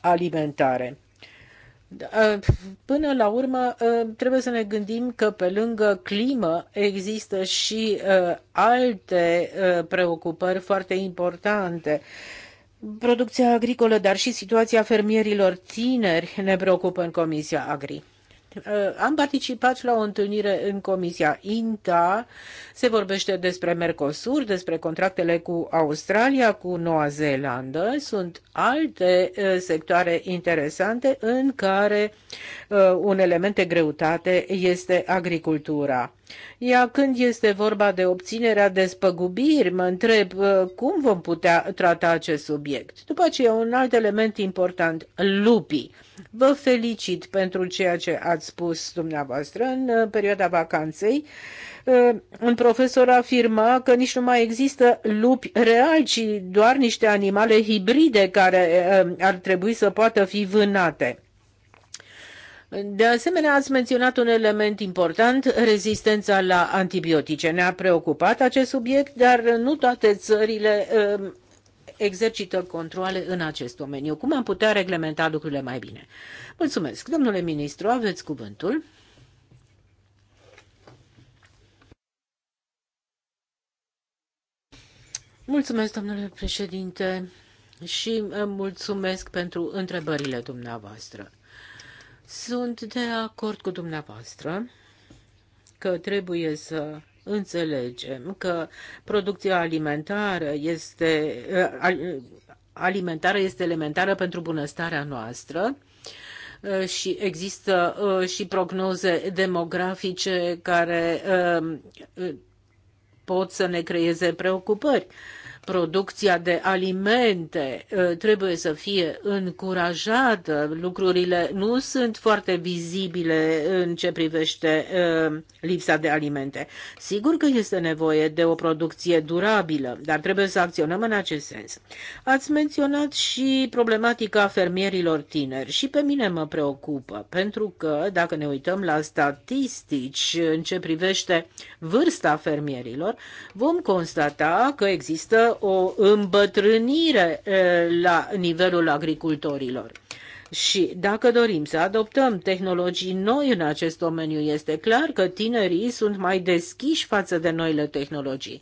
alimentare. Da, ă, până la urmă, ă, trebuie să ne gândim că pe lângă climă există și ă, alte preocupări foarte importante. Producția agricolă, dar și situația fermierilor tineri ne preocupă în Comisia Agri. Uh, am participat la o întâlnire în Comisia INTA. Se vorbește despre Mercosur, despre contractele cu Australia, cu Noua Zeelandă. Sunt alte uh, sectoare interesante în care uh, un element de greutate este agricultura. Iar când este vorba de obținerea despăgubiri, mă întreb uh, cum vom putea trata acest subiect. După aceea, un alt element important, lupii. Vă felicit pentru ceea ce ați spus dumneavoastră în uh, perioada vacanței. Uh, un profesor afirma că nici nu mai există lupi reali, ci doar niște animale hibride care ar trebui să poată fi vânate. De asemenea, ați menționat un element important, rezistența la antibiotice. Ne-a preocupat acest subiect, dar nu toate țările um, exercită controle în acest domeniu. Cum am putea reglementa lucrurile mai bine? Mulțumesc. Domnule ministru, aveți cuvântul. Mulțumesc, domnule președinte, și mulțumesc pentru întrebările dumneavoastră. Sunt de acord cu dumneavoastră că trebuie să înțelegem că producția alimentară este, eh, alimentară este elementară pentru bunăstarea noastră eh, și există eh, și prognoze demografice care pot să ne creeze preocupări producția de alimente uh, trebuie să fie încurajată. Lucrurile nu sunt foarte vizibile în ce privește uh, lipsa de alimente. Sigur că este nevoie de o producție durabilă, dar trebuie să acționăm în acest sens. Ați menționat și problematica fermierilor tineri și pe mine mă preocupă, pentru că dacă ne uităm la statistici în ce privește vârsta fermierilor, vom constata că există o îmbătrânire la nivelul agricultorilor. Și dacă dorim să adoptăm tehnologii noi în acest domeniu, este clar că tinerii sunt mai deschiși față de noile tehnologii.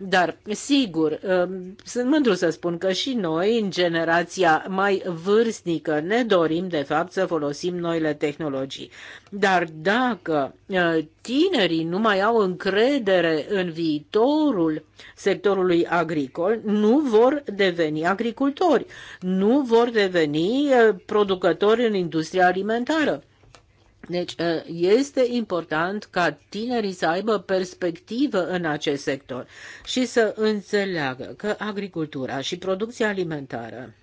Dar, sigur, um, sunt mândru să spun că și noi, în generația mai vârstnică, ne dorim, de fapt, să folosim noile tehnologii. Dar dacă uh, tinerii nu mai au încredere în viitorul sectorului agricol, nu vor deveni agricultori, nu vor deveni uh, producători în industria alimentară. Deci ă, este important ca tinerii să aibă perspectivă în acest sector și să înțeleagă că agricultura și producția alimentară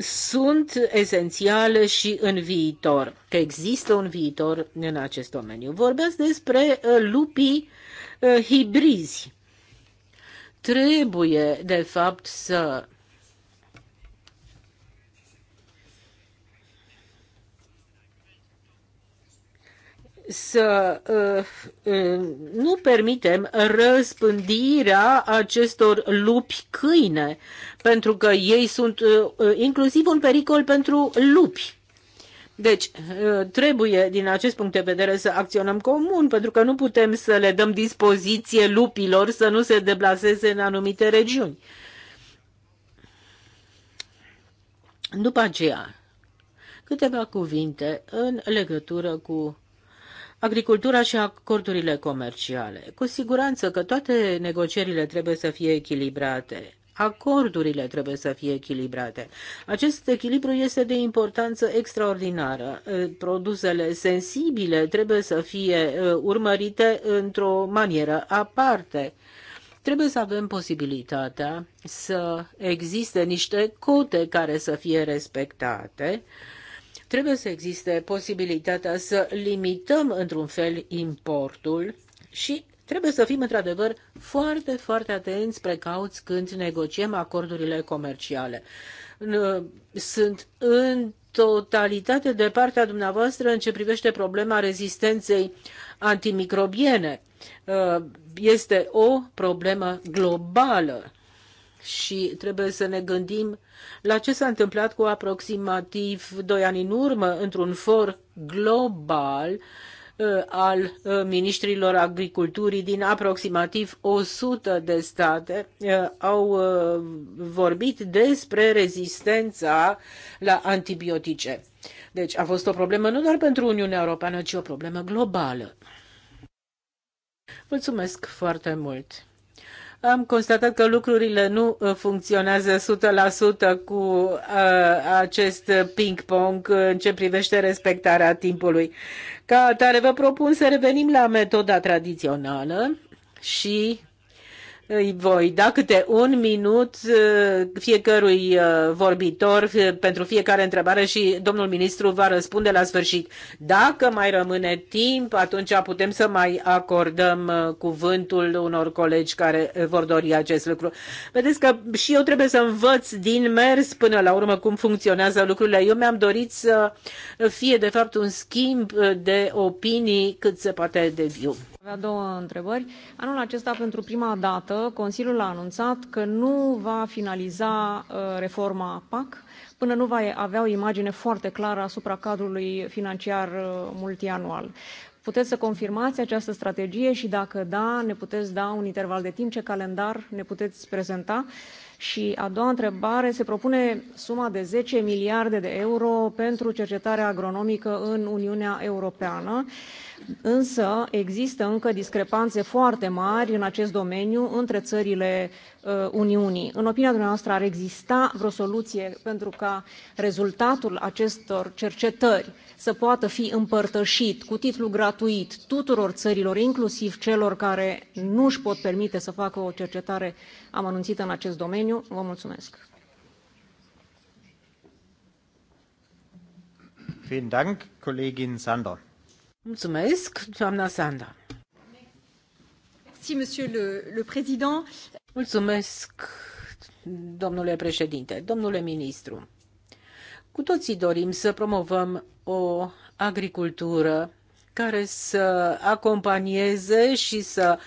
sunt esențiale și în viitor, că există un viitor în acest domeniu. Vorbesc despre ă, lupii ă, hibrizi. Trebuie, de fapt, să să uh, uh, nu permitem răspândirea acestor lupi câine, pentru că ei sunt uh, inclusiv un pericol pentru lupi. Deci, trebuie, din acest punct de vedere, să acționăm comun, pentru că nu putem să le dăm dispoziție lupilor să nu se deplaseze în anumite regiuni. După aceea, câteva cuvinte în legătură cu agricultura și acordurile comerciale. Cu siguranță că toate negocierile trebuie să fie echilibrate. Acordurile trebuie să fie echilibrate. Acest echilibru este de importanță extraordinară. Produsele sensibile trebuie să fie urmărite într-o manieră aparte trebuie să avem posibilitatea să existe niște cote care să fie respectate Trebuie să existe posibilitatea să limităm într-un fel importul și trebuie să fim într-adevăr foarte, foarte atenți, precauți când negociem acordurile comerciale. Uh, sunt în totalitate de partea dumneavoastră în ce privește problema rezistenței antimicrobiene. Uh, este o problemă globală și trebuie să ne gândim la ce s-a întâmplat cu aproximativ doi ani în urmă într-un for global uh, al uh, ministrilor agriculturii din aproximativ 100 de state uh, au vorbit despre rezistența la antibiotice. Deci a fost o problemă nu doar pentru Uniunea Europeană, ci o problemă globală. Mulțumesc foarte mult! Am constatat că lucrurile nu uh, funcționează 100% cu uh, acest ping-pong în ce privește respectarea timpului. Ca atare vă propun să revenim la metoda tradițională și îi voi da câte un minut uh, fiecărui uh, vorbitor uh, pentru fiecare întrebare și domnul ministru va răspunde la sfârșit. Dacă mai rămâne timp, atunci putem să mai acordăm cuvântul unor colegi care vor dori acest lucru. Vedeți că și eu trebuie să învăț din mers până la urmă cum funcționează lucrurile. Eu mi-am dorit să fie de fapt un schimb de opinii cât se poate de viu avea două întrebări. Anul acesta, pentru prima dată, Consiliul a anunțat că nu va finaliza uh, reforma PAC până nu va avea o imagine foarte clară asupra cadrului financiar uh, multianual. Puteți să confirmați această strategie și dacă da, ne puteți da un interval de timp, ce calendar ne puteți prezenta? Și a doua întrebare, se propune suma de 10 miliarde de euro pentru cercetarea agronomică în Uniunea Europeană. Uh, Însă există încă discrepanțe foarte mari în acest domeniu între țările uh, Uniunii. În opinia dumneavoastră ar exista vreo soluție pentru ca rezultatul acestor cercetări să poată fi împărtășit cu titlu gratuit tuturor țărilor, inclusiv celor care nu își pot permite să facă o cercetare amănunțită în acest domeniu? Vă mulțumesc. Vielen Dank, Kollegin Sander. Mulțumesc, doamna Sanda. Mulțumesc, domnule președinte, domnule ministru. Cu toții dorim să promovăm o agricultură care să acompanieze și să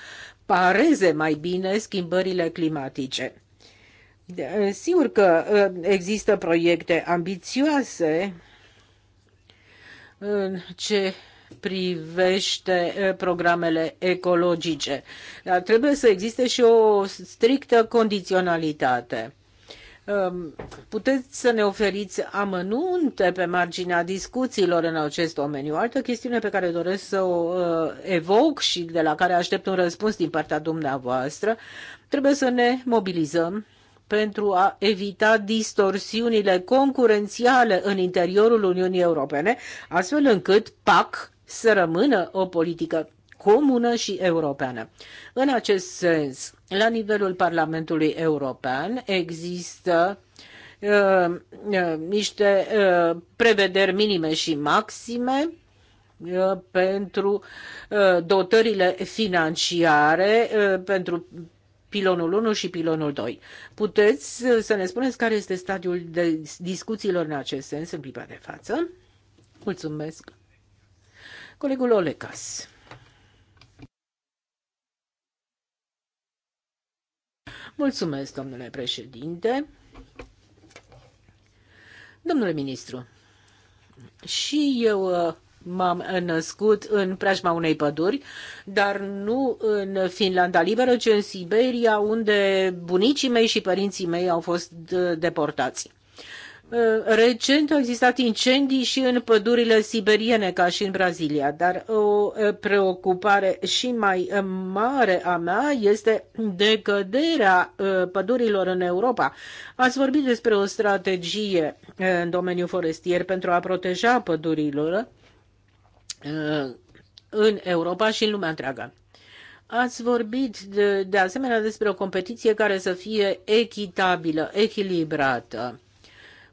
pareze mai bine schimbările climatice. Sigur că ă, există proiecte ambițioase ce privește programele ecologice. Dar trebuie să existe și o strictă condiționalitate. Puteți să ne oferiți amănunte pe marginea discuțiilor în acest domeniu. Altă chestiune pe care doresc să o evoc și de la care aștept un răspuns din partea dumneavoastră, trebuie să ne mobilizăm pentru a evita distorsiunile concurențiale în interiorul Uniunii Europene, astfel încât PAC să rămână o politică comună și europeană. În acest sens, la nivelul Parlamentului European există uh, uh niște uh, prevederi minime și maxime uh, pentru uh, dotările financiare pentru pilonul 1 și pilonul 2. Puteți să ne spuneți care este stadiul de discuțiilor în acest sens în clipa de față? Mulțumesc! Colegul Olecas. Mulțumesc, domnule președinte. Domnule ministru, și eu uh, m-am născut în preajma unei păduri, dar nu în Finlanda liberă, ci în Siberia, unde bunicii mei și părinții mei au fost uh, deportați. Uh, recent au existat incendii și în pădurile siberiene, ca și în Brazilia, dar o uh, preocupare și mai uh, mare a mea este decăderea pădurilor în Europa. Ați vorbit despre o strategie în domeniul forestier pentru a proteja pădurilor în Europa și în lumea întreagă. Ați vorbit de, de asemenea despre o competiție care să fie echitabilă, echilibrată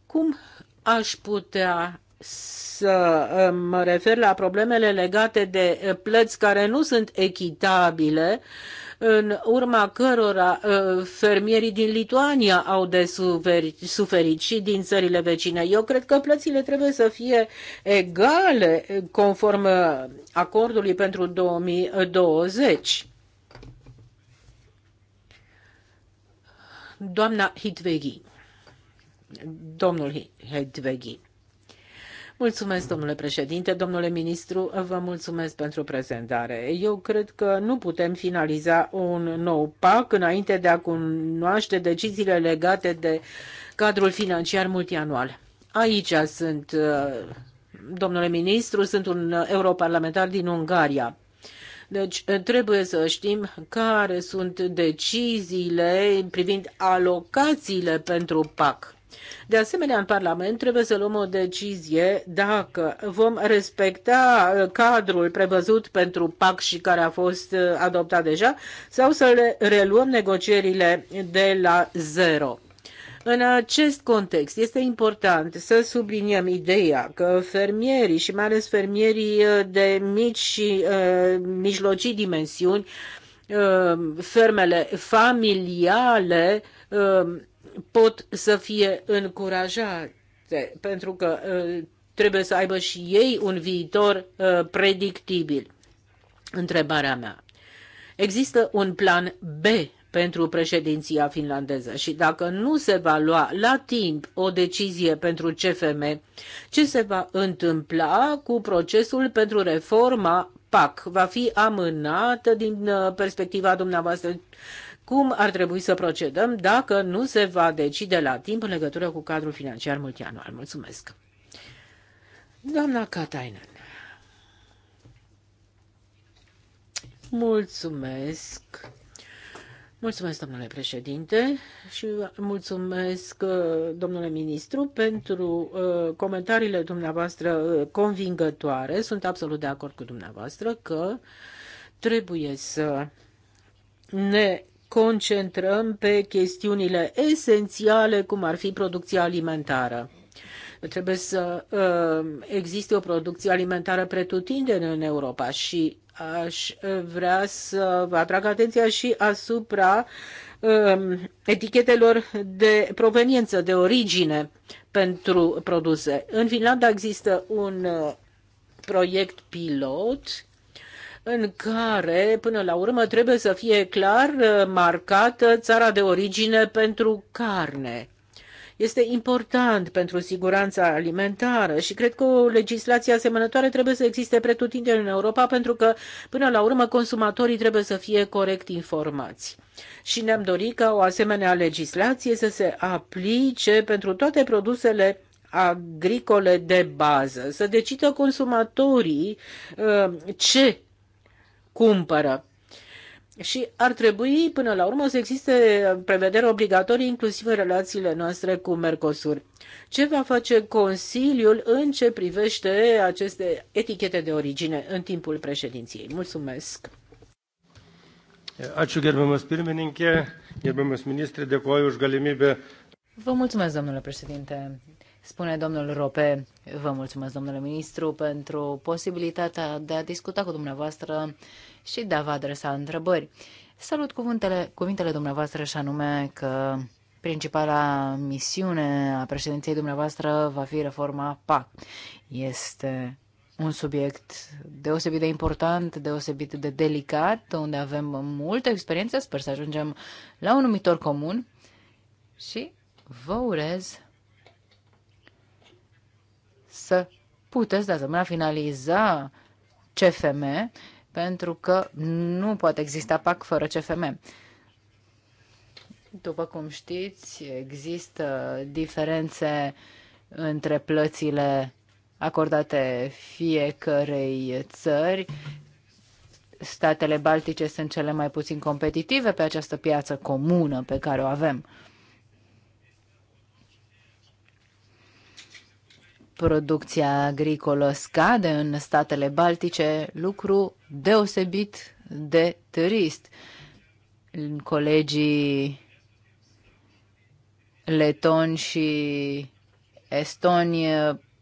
cum aș putea să uh, mă refer la problemele legate de uh, plăți care nu sunt echitabile, în urma cărora uh, fermierii din Lituania au de suferit, suferit și din țările vecine. Eu cred că plățile trebuie să fie egale conform acordului pentru 2020. Doamna Hitveghi domnul Hedveghi. Mulțumesc, domnule președinte, domnule ministru, vă mulțumesc pentru prezentare. Eu cred că nu putem finaliza un nou PAC înainte de a cunoaște deciziile legate de cadrul financiar multianual. Aici sunt, domnule ministru, sunt un europarlamentar din Ungaria. Deci trebuie să știm care sunt deciziile privind alocațiile pentru PAC de asemenea, în Parlament trebuie să luăm o decizie dacă vom respecta uh, cadrul prevăzut pentru PAC și care a fost uh, adoptat deja sau să le reluăm negocierile de la zero. În acest context este important să subliniem ideea că fermierii și mai ales fermierii uh, de mici și uh, mijlocii dimensiuni, uh, fermele familiale, uh, pot să fie încurajate, pentru că uh, trebuie să aibă și ei un viitor uh, predictibil. Întrebarea mea. Există un plan B pentru președinția finlandeză și dacă nu se va lua la timp o decizie pentru CFM, ce se va întâmpla cu procesul pentru reforma PAC? Va fi amânată din uh, perspectiva dumneavoastră cum ar trebui să procedăm dacă nu se va decide la timp în legătură cu cadrul financiar multianual. Mulțumesc. Doamna Katainen. Mulțumesc. Mulțumesc, domnule președinte, și mulțumesc, uh, domnule ministru, pentru uh, comentariile dumneavoastră uh, convingătoare. Sunt absolut de acord cu dumneavoastră că trebuie să ne concentrăm pe chestiunile esențiale, cum ar fi producția alimentară. Trebuie să uh, existe o producție alimentară pretutindeni în Europa și aș vrea să vă atrag atenția și asupra uh, etichetelor de proveniență, de origine pentru produse. În Finlanda există un uh, proiect pilot în care, până la urmă, trebuie să fie clar uh, marcată țara de origine pentru carne. Este important pentru siguranța alimentară și cred că o legislație asemănătoare trebuie să existe pretutindeni în Europa pentru că, până la urmă, consumatorii trebuie să fie corect informați. Și ne-am dorit ca o asemenea legislație să se aplice pentru toate produsele agricole de bază, să decidă consumatorii uh, ce cumpără. Și ar trebui, până la urmă, să existe prevedere obligatorii inclusiv în relațiile noastre cu Mercosur. Ce va face Consiliul în ce privește aceste etichete de origine în timpul președinției? Mulțumesc! Ačiū gerbiamas pirmininkė, gerbiamas ministrė, dėkoju už galimybę. Vă mulțumesc, domnule președinte. Spune domnul Rope, vă mulțumesc, domnule ministru, pentru posibilitatea de a discuta cu dumneavoastră și de a vă adresa întrebări. Salut cuvintele, cuvintele dumneavoastră și anume că principala misiune a președinției dumneavoastră va fi reforma PAC. Este un subiect deosebit de important, deosebit de delicat, unde avem multă experiență. Sper să ajungem la un numitor comun și vă urez să puteți de asemenea finaliza CFM, pentru că nu poate exista PAC fără CFM. După cum știți, există diferențe între plățile acordate fiecărei țări. Statele baltice sunt cele mai puțin competitive pe această piață comună pe care o avem. producția agricolă scade în statele baltice, lucru deosebit de trist. Colegii letoni și estoni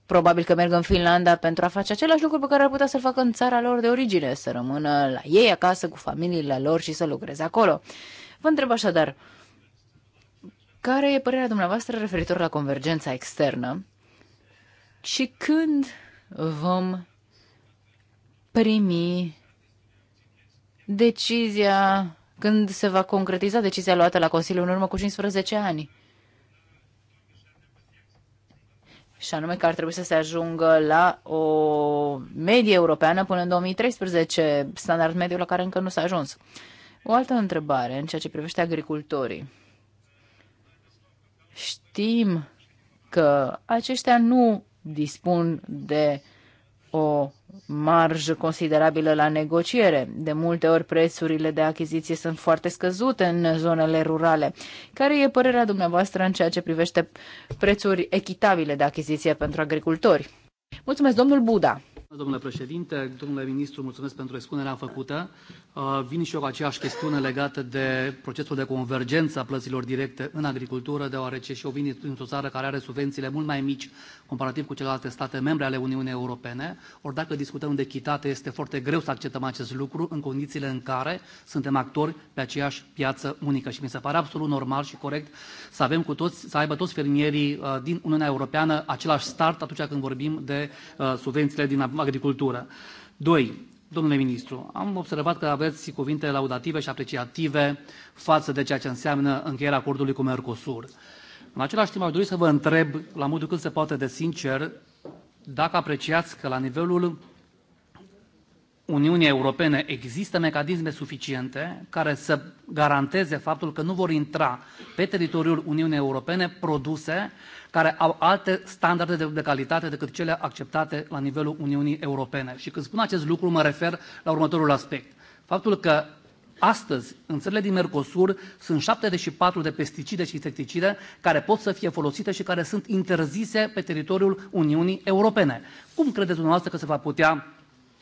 probabil că merg în Finlanda pentru a face același lucru pe care ar putea să-l facă în țara lor de origine, să rămână la ei acasă cu familiile lor și să lucreze acolo. Vă întreb așadar, care e părerea dumneavoastră referitor la convergența externă și când vom primi decizia, când se va concretiza decizia luată la Consiliu în urmă cu 15 ani. Și anume că ar trebui să se ajungă la o medie europeană până în 2013, standard mediu la care încă nu s-a ajuns. O altă întrebare în ceea ce privește agricultorii. Știm că aceștia nu dispun de o marjă considerabilă la negociere. De multe ori prețurile de achiziție sunt foarte scăzute în zonele rurale. Care e părerea dumneavoastră în ceea ce privește prețuri echitabile de achiziție pentru agricultori? Mulțumesc, domnul Buda! Domnule președinte, domnule ministru, mulțumesc pentru expunerea făcută. Uh, vin și eu cu aceeași chestiune legată de procesul de convergență a plăților directe în agricultură, deoarece și eu vin dintr-o țară care are subvențiile mult mai mici comparativ cu celelalte state membre ale Uniunii Europene. Ori dacă discutăm de echitate, este foarte greu să acceptăm acest lucru în condițiile în care suntem actori pe aceeași piață unică. Și mi se pare absolut normal și corect să avem cu toți, să aibă toți fermierii uh, din Uniunea Europeană același start atunci când vorbim de uh, subvențiile din agricultură. Doi, domnule ministru, am observat că aveți cuvinte laudative și apreciative față de ceea ce înseamnă încheierea acordului cu Mercosur. În același timp, aș dori să vă întreb, la modul cât se poate de sincer, dacă apreciați că la nivelul Uniunii Europene există mecanisme suficiente care să garanteze faptul că nu vor intra pe teritoriul Uniunii Europene produse care au alte standarde de, calitate decât cele acceptate la nivelul Uniunii Europene. Și când spun acest lucru, mă refer la următorul aspect. Faptul că Astăzi, în țările din Mercosur, sunt 74 de pesticide și insecticide care pot să fie folosite și care sunt interzise pe teritoriul Uniunii Europene. Cum credeți dumneavoastră că se va putea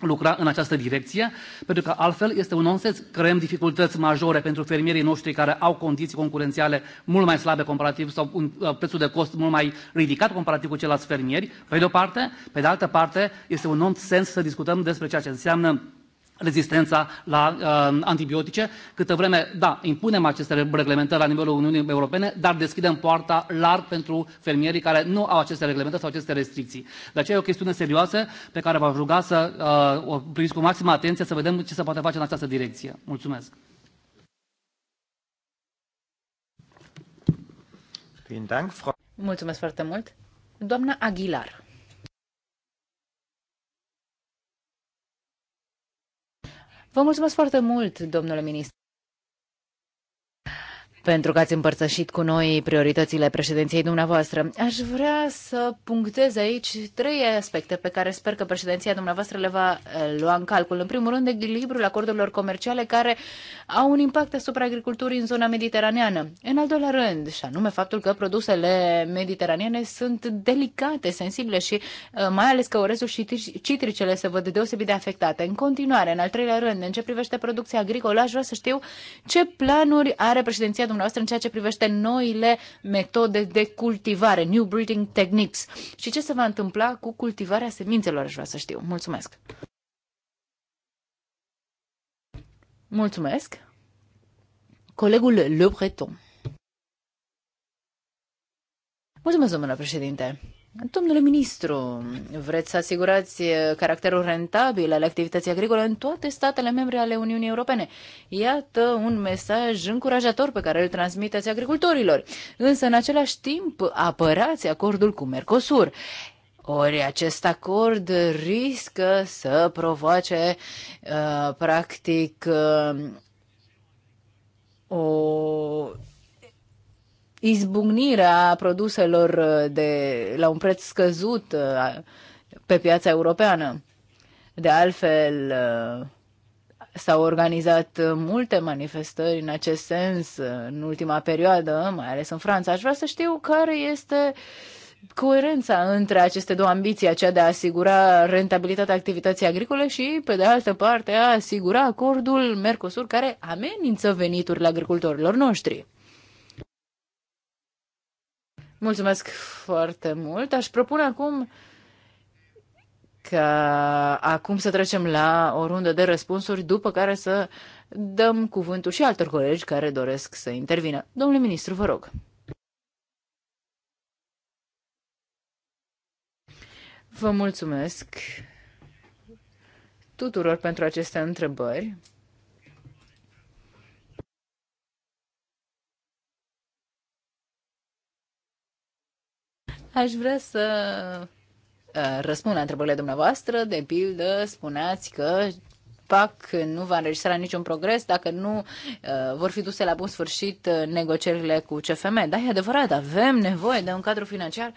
lucra în această direcție, pentru că altfel este un nonsens. Creăm dificultăți majore pentru fermierii noștri care au condiții concurențiale mult mai slabe comparativ sau un uh, prețul de cost mult mai ridicat comparativ cu ceilalți fermieri, pe de o parte. Pe de altă parte, este un nonsens să discutăm despre ceea ce înseamnă rezistența la uh, antibiotice. Câtă vreme, da, impunem aceste reglementări la nivelul Uniunii Europene, dar deschidem poarta larg pentru fermierii care nu au aceste reglementări sau aceste restricții. De aceea e o chestiune serioasă pe care v-aș ruga să uh, o priviți cu maximă atenție, să vedem ce se poate face în această direcție. Mulțumesc! Mulțumesc foarte mult! Doamna Aguilar. Vă mulțumesc foarte mult, domnule ministru pentru că ați împărtășit cu noi prioritățile președinției dumneavoastră. Aș vrea să punctez aici trei aspecte pe care sper că președinția dumneavoastră le va eh, lua în calcul. În primul rând, echilibrul acordurilor comerciale care au un impact asupra agriculturii în zona mediteraneană. În al doilea rând, și anume faptul că produsele mediteraneane sunt delicate, sensibile și eh, mai ales că orezul și citricele se văd deosebit de afectate. În continuare, în al treilea rând, în ce privește producția agricolă, aș vrea să știu ce planuri are președinția dumneavoastră în ceea ce privește noile metode de cultivare, new breeding techniques. Și ce se va întâmpla cu cultivarea semințelor, aș vrea să știu. Mulțumesc! Mulțumesc! Colegul Le Breton. Mulțumesc, domnule președinte! Domnule ministru, vreți să asigurați eh, caracterul rentabil al activității agricole în toate statele membre ale Uniunii Europene. Iată un mesaj încurajator pe care îl transmiteți agricultorilor. Însă, în același timp, apărați acordul cu Mercosur. Ori acest acord riscă să provoace, uh, practic, uh, o izbucnirea produselor uh, de, la un preț scăzut uh, pe piața europeană. De altfel, uh, s-au organizat multe manifestări în acest sens în ultima perioadă, mai ales în Franța. Aș vrea să știu care este coerența între aceste două ambiții, aceea de a asigura rentabilitatea activității agricole și, pe de altă parte, a asigura acordul Mercosur care amenință veniturile agricultorilor noștri. Mulțumesc foarte mult. Aș propune acum că acum să trecem la o rundă de răspunsuri, după care să dăm cuvântul și altor colegi care doresc să intervină. Domnule ministru, vă rog. Vă mulțumesc tuturor pentru aceste întrebări. Aș vrea să uh, răspund la întrebările dumneavoastră. De pildă, spuneați că PAC nu va înregistra niciun progres dacă nu uh, vor fi duse la bun sfârșit uh, negocierile cu CFM. Da, e adevărat, avem nevoie de un cadru financiar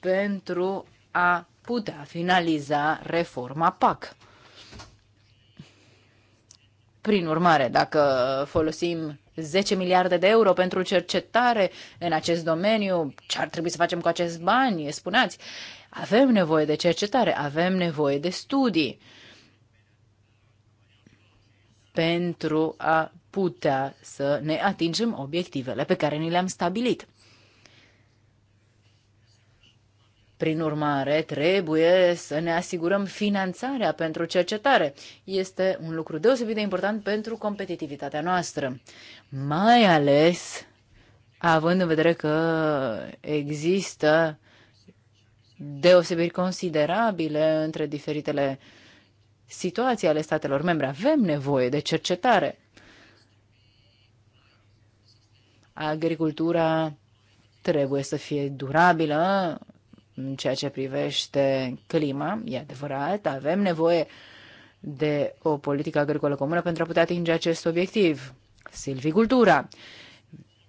pentru a putea finaliza reforma PAC. Prin urmare, dacă folosim 10 miliarde de euro pentru cercetare în acest domeniu, ce ar trebui să facem cu acești bani? Spuneați, avem nevoie de cercetare, avem nevoie de studii pentru a putea să ne atingem obiectivele pe care ni le-am stabilit. Prin urmare, trebuie să ne asigurăm finanțarea pentru cercetare. Este un lucru deosebit de important pentru competitivitatea noastră. Mai ales având în vedere că există deosebiri considerabile între diferitele situații ale statelor membre. Avem nevoie de cercetare. Agricultura trebuie să fie durabilă în ceea ce privește clima, e adevărat, avem nevoie de o politică agricolă comună pentru a putea atinge acest obiectiv. Silvicultura.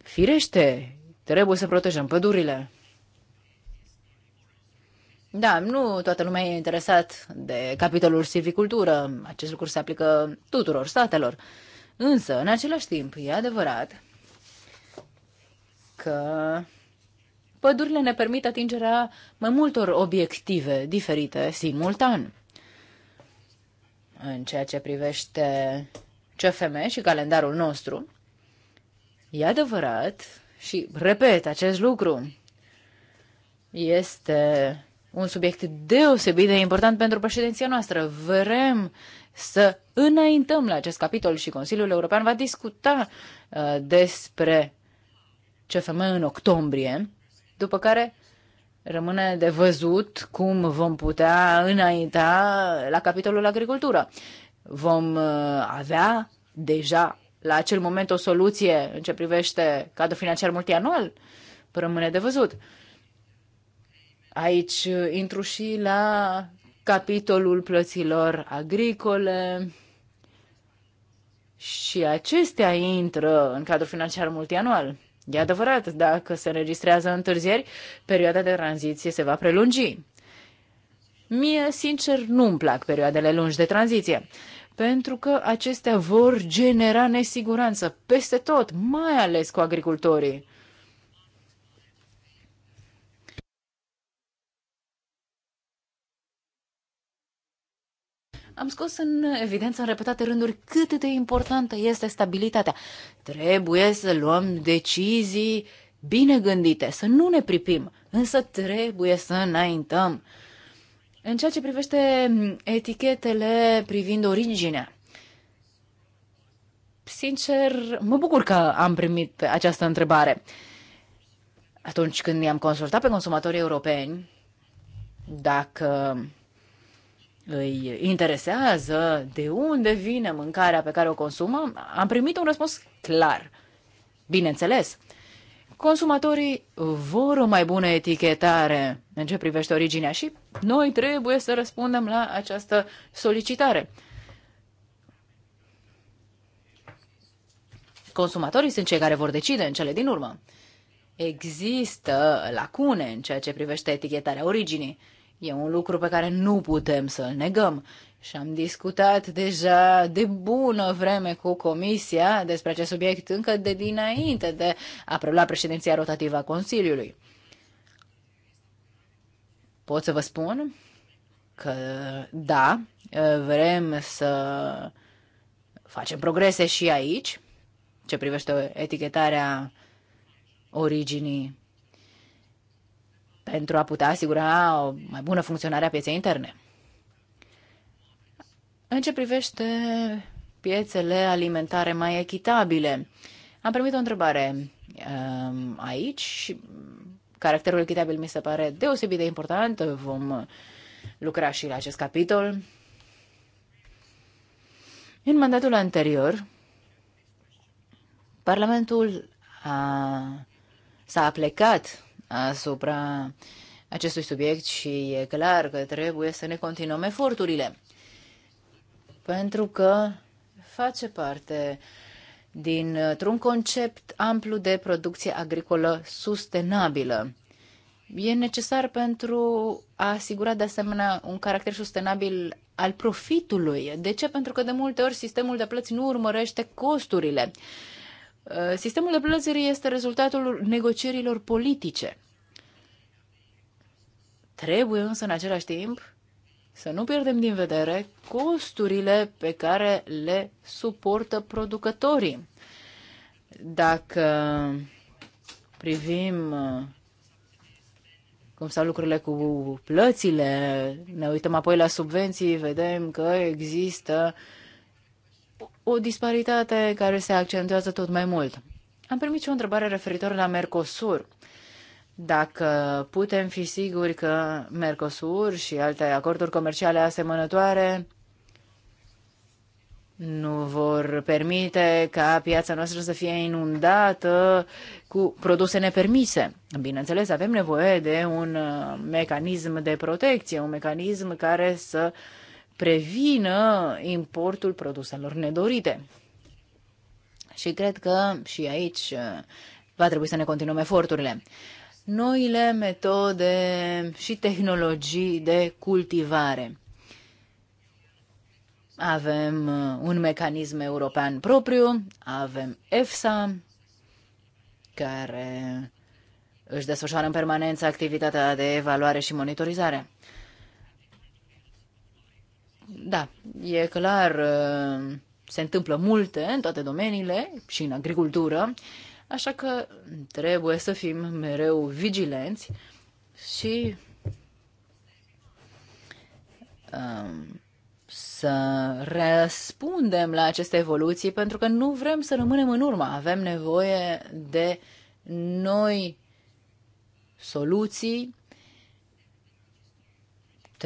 Firește, trebuie să protejăm pădurile. Da, nu toată lumea e interesat de capitolul silvicultură. Acest lucru se aplică tuturor statelor. Însă, în același timp, e adevărat că pădurile ne permit atingerea mai multor obiective diferite simultan. În ceea ce privește CFM și calendarul nostru, e adevărat și repet acest lucru, este un subiect deosebit de important pentru președinția noastră. Vrem să înaintăm la acest capitol și Consiliul European va discuta uh, despre CFM în octombrie după care rămâne de văzut cum vom putea înainta la capitolul agricultură. Vom uh, avea deja la acel moment o soluție în ce privește cadrul financiar multianual? Rămâne de văzut. Aici uh, intru și la capitolul plăților agricole și acestea intră în cadrul financiar multianual. E adevărat, dacă se înregistrează întârzieri, perioada de tranziție se va prelungi. Mie, sincer, nu-mi plac perioadele lungi de tranziție, pentru că acestea vor genera nesiguranță peste tot, mai ales cu agricultorii. am scos în evidență în repetate rânduri cât de importantă este stabilitatea. Trebuie să luăm decizii bine gândite, să nu ne pripim, însă trebuie să înaintăm. În ceea ce privește etichetele privind originea, sincer, mă bucur că am primit această întrebare. Atunci când i-am consultat pe consumatorii europeni, dacă îi interesează de unde vine mâncarea pe care o consumăm, am primit un răspuns clar. Bineînțeles, consumatorii vor o mai bună etichetare în ce privește originea și noi trebuie să răspundem la această solicitare. Consumatorii sunt cei care vor decide în cele din urmă. Există lacune în ceea ce privește etichetarea originii E un lucru pe care nu putem să-l negăm. Și am discutat deja de bună vreme cu Comisia despre acest subiect încă de dinainte de a prelua președinția rotativă a Consiliului. Pot să vă spun că da, vrem să facem progrese și aici, ce privește etichetarea originii pentru a putea asigura o mai bună funcționare a pieței interne. În ce privește piețele alimentare mai echitabile, am primit o întrebare um, aici. Caracterul echitabil mi se pare deosebit de important. Vom lucra și la acest capitol. În mandatul anterior, Parlamentul a, s-a aplecat asupra acestui subiect și e clar că trebuie să ne continuăm eforturile. Pentru că face parte dintr-un concept amplu de producție agricolă sustenabilă. E necesar pentru a asigura de asemenea un caracter sustenabil al profitului. De ce? Pentru că de multe ori sistemul de plăți nu urmărește costurile. Uh, Uh, sistemul de plăți este rezultatul negocierilor politice. Trebuie însă în același timp să nu pierdem din vedere costurile pe care le suportă producătorii. Dacă privim uh, cum stau lucrurile cu plățile, ne uităm apoi la subvenții, vedem că există uh, o disparitate care se accentuează tot mai mult. Am primit și o întrebare referitor la Mercosur. Dacă putem fi siguri că Mercosur și alte acorduri comerciale asemănătoare nu vor permite ca piața noastră să fie inundată cu produse nepermise. Bineînțeles, avem nevoie de un uh, mecanism de protecție, un mecanism care să uh, prevină importul produselor nedorite. Și cred că și aici uh, va trebui să ne continuăm eforturile. Noile metode și tehnologii de cultivare. Avem uh, un mecanism european propriu, avem EFSA, care își desfășoară în permanență activitatea de evaluare și monitorizare. Da, e clar, uh, se întâmplă multe în toate domeniile și în agricultură, așa că trebuie să fim mereu vigilenți și um, să răspundem la aceste evoluții pentru că nu vrem să rămânem în urmă. Avem nevoie de noi soluții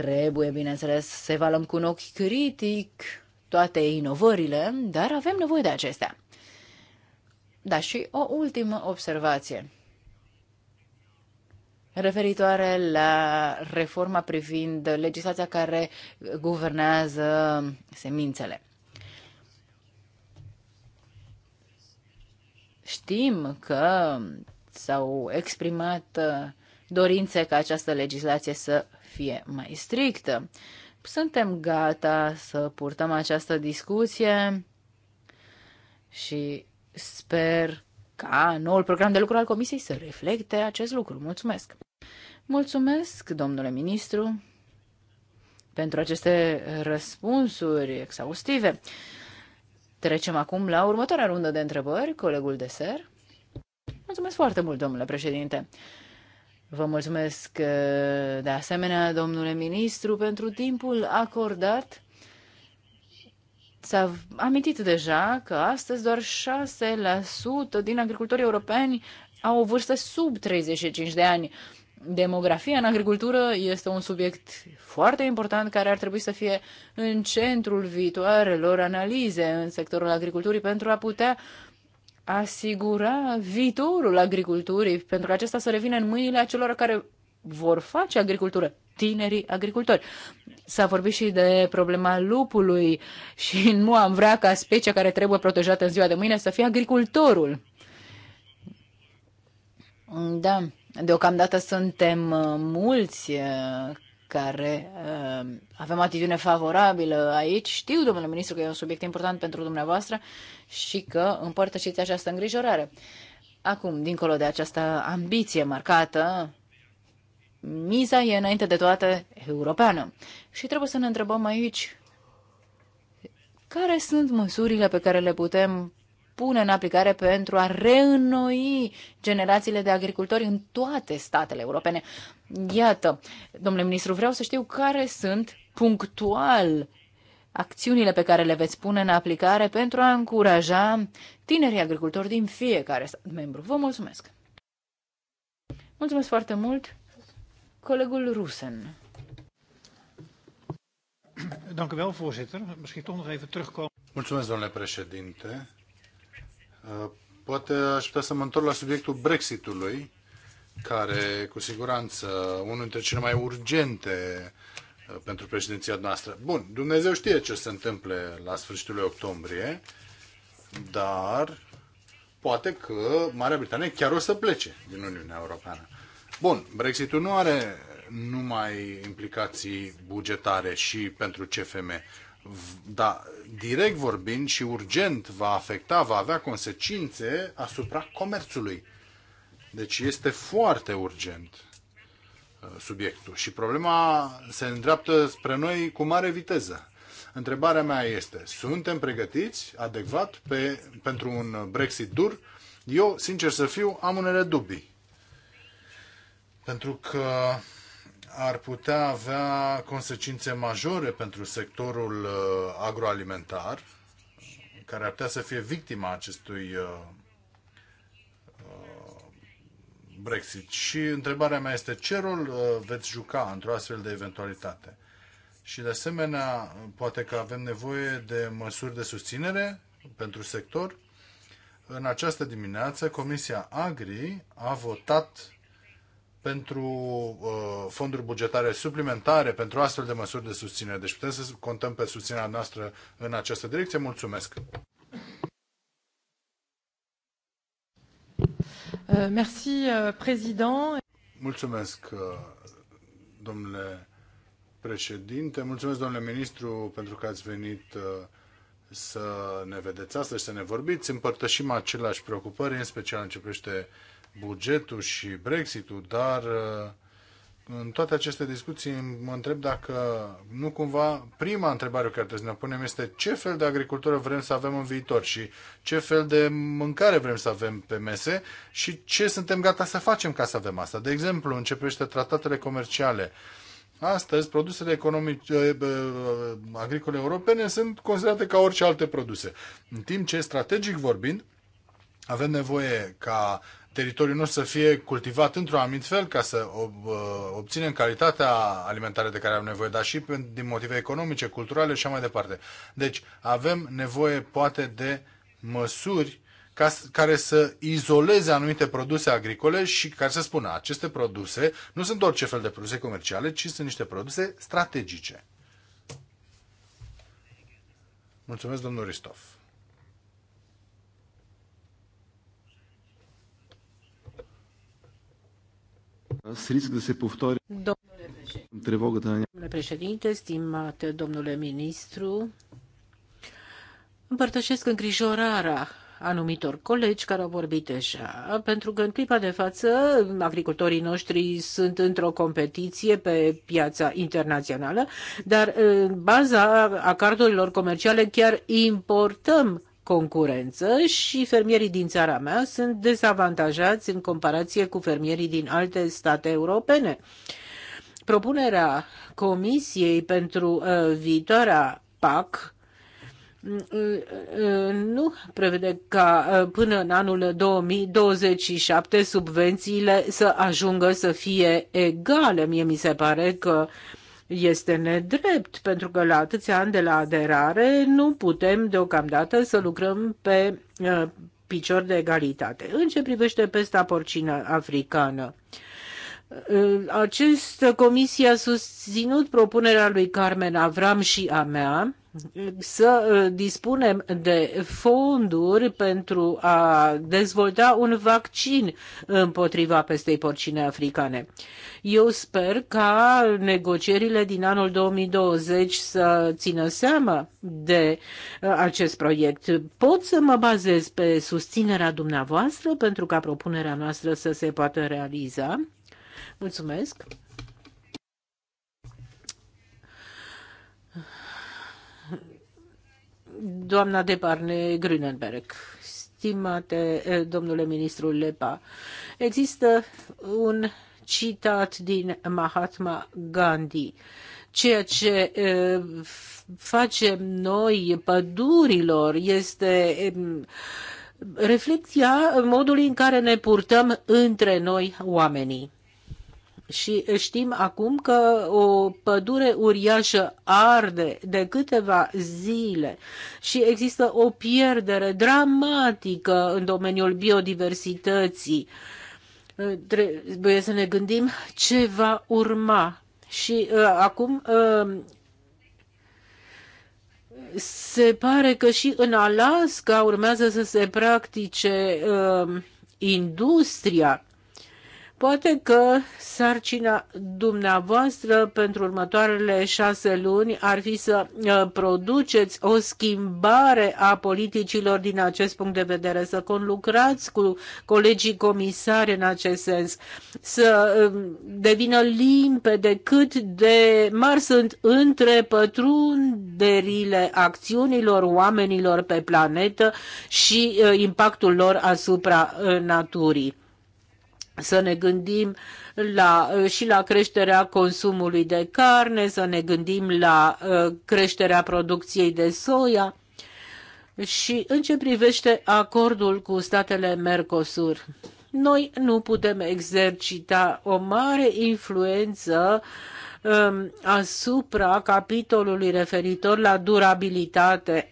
Trebuie, bineînțeles, să evaluăm cu un ochi critic toate inovările, dar avem nevoie de acestea. Da, și o ultimă observație referitoare la reforma privind legislația care guvernează semințele. Știm că s-au exprimat dorințe ca această legislație să fie mai strictă. Suntem gata să purtăm această discuție și sper ca noul program de lucru al Comisiei să reflecte acest lucru. Mulțumesc! Mulțumesc, domnule ministru, pentru aceste răspunsuri exhaustive. Trecem acum la următoarea rundă de întrebări, colegul de ser. Mulțumesc foarte mult, domnule președinte. Vă mulțumesc uh, de asemenea, domnule ministru, pentru timpul acordat. S-a amintit deja că astăzi doar 6% din agricultorii europeni au o vârstă sub 35 de ani. Demografia în agricultură este un subiect foarte important care ar trebui să fie în centrul viitoarelor analize în sectorul agriculturii pentru a putea uh, asigura viitorul agriculturii, pentru că acesta să revină în mâinile acelor care vor face agricultură, tinerii agricultori. S-a vorbit și de problema lupului și *laughs* nu am vrea ca specia care trebuie protejată în ziua de mâine să fie agricultorul. Da, deocamdată suntem uh, mulți uh, care uh, avem atitudine favorabilă aici. Știu, domnule ministru, că e un subiect important pentru dumneavoastră și că împărtășiți această îngrijorare. Acum, dincolo de această ambiție marcată, miza e înainte de toate europeană. Și trebuie să ne întrebăm aici care sunt măsurile pe care le putem pune în aplicare pentru a reînnoi generațiile de agricultori în toate statele europene. Iată, domnule ministru, vreau să știu care sunt punctual acțiunile pe care le veți pune în aplicare pentru a încuraja tinerii agricultori din fiecare stat membru. Vă mulțumesc! Mulțumesc foarte mult, colegul Rusen. Mulțumesc, domnule președinte. Uh, poate aș putea să mă întorc la subiectul Brexitului, care cu siguranță unul dintre cele mai urgente uh, pentru președinția noastră. Bun, Dumnezeu știe ce se întâmple la sfârșitul lui octombrie, dar poate că Marea Britanie chiar o să plece din Uniunea Europeană. Bun, Brexitul nu are numai implicații bugetare și pentru CFM da, direct vorbind și urgent va afecta, va avea consecințe asupra comerțului. Deci este foarte urgent uh, subiectul și problema se îndreaptă spre noi cu mare viteză. Întrebarea mea este, suntem pregătiți adecvat pe, pentru un Brexit dur? Eu, sincer să fiu, am unele dubii. Pentru că ar putea avea consecințe majore pentru sectorul uh, agroalimentar, care ar putea să fie victima acestui uh, uh, Brexit. Și întrebarea mea este ce rol veți juca într-o astfel de eventualitate? Și de asemenea, poate că avem nevoie de măsuri de susținere pentru sector. În această dimineață, Comisia Agri a votat pentru uh, fonduri bugetare suplimentare, pentru astfel de măsuri de susținere. Deci putem să contăm pe susținerea noastră în această direcție. Mulțumesc! Uh, merci, uh, président. Mulțumesc, uh, domnule președinte. Mulțumesc, domnule ministru, pentru că ați venit să ne vedeți astăzi, să ne vorbiți. Împărtășim aceleași preocupări, în special în ce privește bugetul și Brexitul, dar uh, în toate aceste discuții mă întreb dacă nu cumva prima întrebare care trebuie să ne punem este ce fel de agricultură vrem să avem în viitor și ce fel de mâncare vrem să avem pe mese și ce suntem gata să facem ca să avem asta. De exemplu, începește tratatele comerciale. Astăzi, produsele economice, uh, uh, agricole europene sunt considerate ca orice alte produse. În timp ce, strategic vorbind, avem nevoie ca teritoriul nostru să fie cultivat într-un anumit fel ca să uh, obținem calitatea alimentară de care avem nevoie, dar și din motive economice, culturale și așa mai departe. Deci avem nevoie poate de măsuri ca, care să izoleze anumite produse agricole și care să spună aceste produse nu sunt orice fel de produse comerciale, ci sunt niște produse strategice. Mulțumesc, domnul Ristov. risc de se povtoare Domnule președinte, stimat domnule ministru, împărtășesc îngrijorarea anumitor colegi care au vorbit deja, pentru că în clipa de față agricultorii noștri sunt într-o competiție pe piața internațională, dar în baza acordurilor comerciale chiar importăm concurență și fermierii din țara mea sunt dezavantajați în comparație cu fermierii din alte state europene. Propunerea Comisiei pentru uh, viitoarea PAC mm, mm, mm, nu prevede ca uh, până în anul 2027 subvențiile să ajungă să fie egale. Mie mi se pare că uh, este nedrept, pentru că la atâția ani de la aderare nu putem deocamdată să lucrăm pe uh, picior de egalitate. În ce privește pesta porcină africană, uh, această comisie a susținut propunerea lui Carmen Avram și a mea să uh, dispunem de fonduri pentru a dezvolta un vaccin împotriva pestei porcine africane. Eu sper ca negocierile din anul 2020 să țină seama de uh, acest proiect. Pot să mă bazez pe susținerea dumneavoastră pentru ca propunerea noastră să se poată realiza? Mulțumesc! Doamna Parne Grünenberg, stimate eh, domnule ministru Lepa, există un citat din Mahatma Gandhi. Ceea ce eh, facem noi pădurilor este reflecția modului în care ne purtăm între noi oamenii. Și știm acum că o pădure uriașă arde de câteva zile și există o pierdere dramatică în domeniul biodiversității. Trebuie să ne gândim ce va urma. Și uh, acum uh, se pare că și în Alaska urmează să se practice uh, industria Poate că sarcina dumneavoastră pentru următoarele șase luni ar fi să uh, produceți o schimbare a politicilor din acest punct de vedere, să conlucrați cu colegii comisari în acest sens, să um, devină limpede cât de mari sunt între pătrunderile acțiunilor oamenilor pe planetă și uh, impactul lor asupra uh, naturii să ne gândim la, uh, și la creșterea consumului de carne, să ne gândim la uh, creșterea producției de soia și în ce privește acordul cu statele Mercosur. Noi nu putem exercita o mare influență um, asupra capitolului referitor la durabilitate.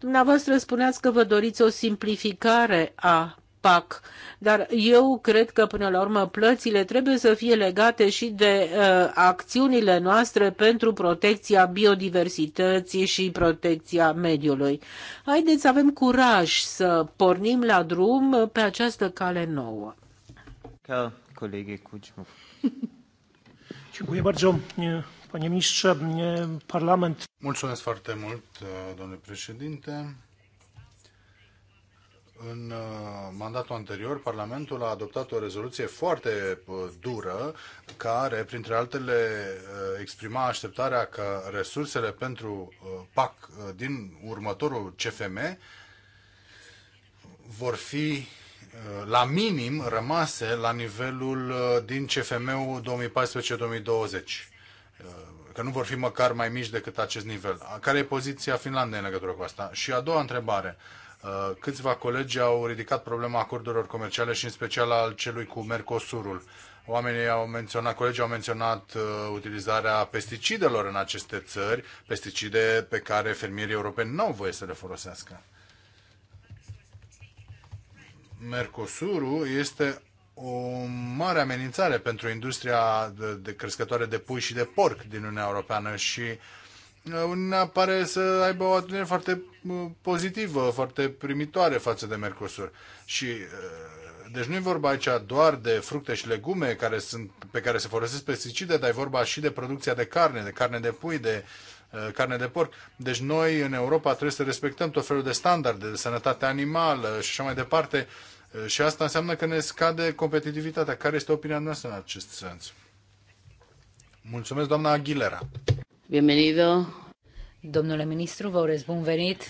Dumneavoastră spuneați că vă doriți o simplificare a PAC. Dar eu cred că, până la urmă, plățile trebuie să fie legate și de uh, acțiunile noastre pentru protecția biodiversității și protecția mediului. Haideți să avem curaj să pornim la drum pe această cale nouă. Ca colegii Cucimu. *laughs* Dziękuję bardzo, panie ministrze. Parlament. Mulțumesc foarte mult, domnule președinte. În uh, mandatul anterior, Parlamentul a adoptat o rezoluție foarte uh, dură, care, printre altele, uh, exprima așteptarea că resursele pentru PAC din următorul CFM vor fi la minim rămase la nivelul din CFM-ul 2014-2020 că nu vor fi măcar mai mici decât acest nivel. Care e poziția Finlandei în legătură cu asta? Și a doua întrebare. Uh, câțiva colegi au ridicat problema acordurilor comerciale și în special al celui cu Mercosurul. Oamenii au menționat, colegii au menționat uh, utilizarea pesticidelor în aceste țări, pesticide pe care fermierii europeni nu au voie să le folosească. Mercosurul este o mare amenințare pentru industria de, de crescătoare de pui și de porc din Uniunea Europeană și uh, Uniunea pare să aibă o atitudine foarte uh, pozitivă, foarte primitoare față de Mercosur. Și uh, deci nu e vorba aici doar de fructe și legume care sunt, pe care se folosesc pesticide, dar e vorba și de producția de carne, de carne de pui, de uh, carne de porc. Deci noi în Europa trebuie să respectăm tot felul de standarde de sănătate animală și așa mai departe. Și asta înseamnă că ne scade competitivitatea. Care este opinia noastră în acest sens? Mulțumesc, doamna Aguilera. Bienvenido. Domnule ministru, vă urez bun venit.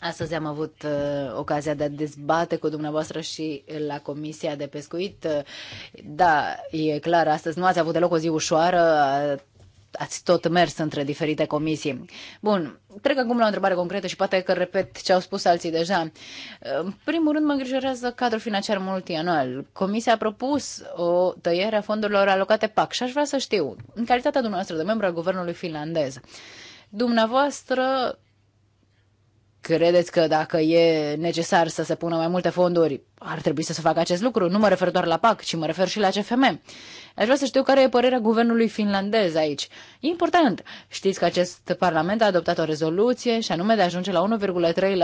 Astăzi am avut uh, ocazia de a dezbate cu dumneavoastră și la Comisia de Pescuit. Uh, da, e clar, astăzi nu ați avut deloc o zi ușoară, ați tot mers între diferite comisii. Bun, trec acum la o întrebare concretă și poate că repet ce au spus alții deja. În primul rând mă îngrijorează cadrul financiar multianual. Comisia a propus o tăiere a fondurilor alocate PAC și aș vrea să știu, în calitatea dumneavoastră de membru al guvernului finlandez, dumneavoastră credeți că dacă e necesar să se pună mai multe fonduri, ar trebui să se facă acest lucru? Nu mă refer doar la PAC, ci mă refer și la CFM. Aș vrea să știu care e părerea guvernului finlandez aici. E important. Știți că acest parlament a adoptat o rezoluție și anume de a ajunge la 1,3%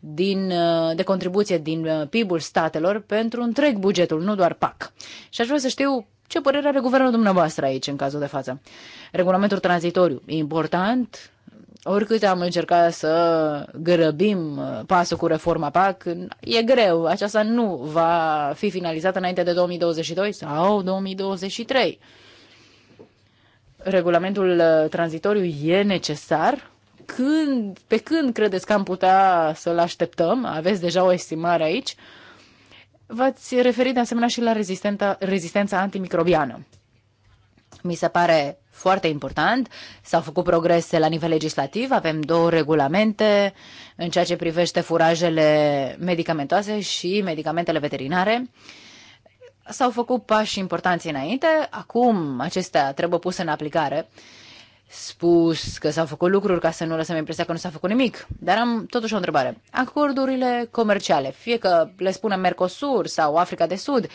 din, de contribuție din uh, PIB-ul statelor pentru întreg bugetul, nu doar PAC. Și aș vrea să știu ce părere are guvernul dumneavoastră aici, în cazul de față? Regulamentul tranzitoriu, e important? Oricât am încercat să grăbim uh, pasul cu reforma PAC, e greu. Aceasta nu va fi finalizată înainte de 2022 sau 2023. Regulamentul uh, tranzitoriu e necesar. Când, pe când credeți că am putea să-l așteptăm? Aveți deja o estimare aici. V-ați referit de asemenea și la rezistența antimicrobiană. Mi se pare foarte important. S-au făcut progrese la nivel legislativ, avem două regulamente în ceea ce privește furajele medicamentoase și medicamentele veterinare. S-au făcut pași importanți înainte, acum acestea trebuie puse în aplicare. Spus că s-au făcut lucruri ca să nu lăsăm impresia că nu s-a făcut nimic, dar am totuși o întrebare. Acordurile comerciale, fie că le spunem Mercosur sau Africa de Sud,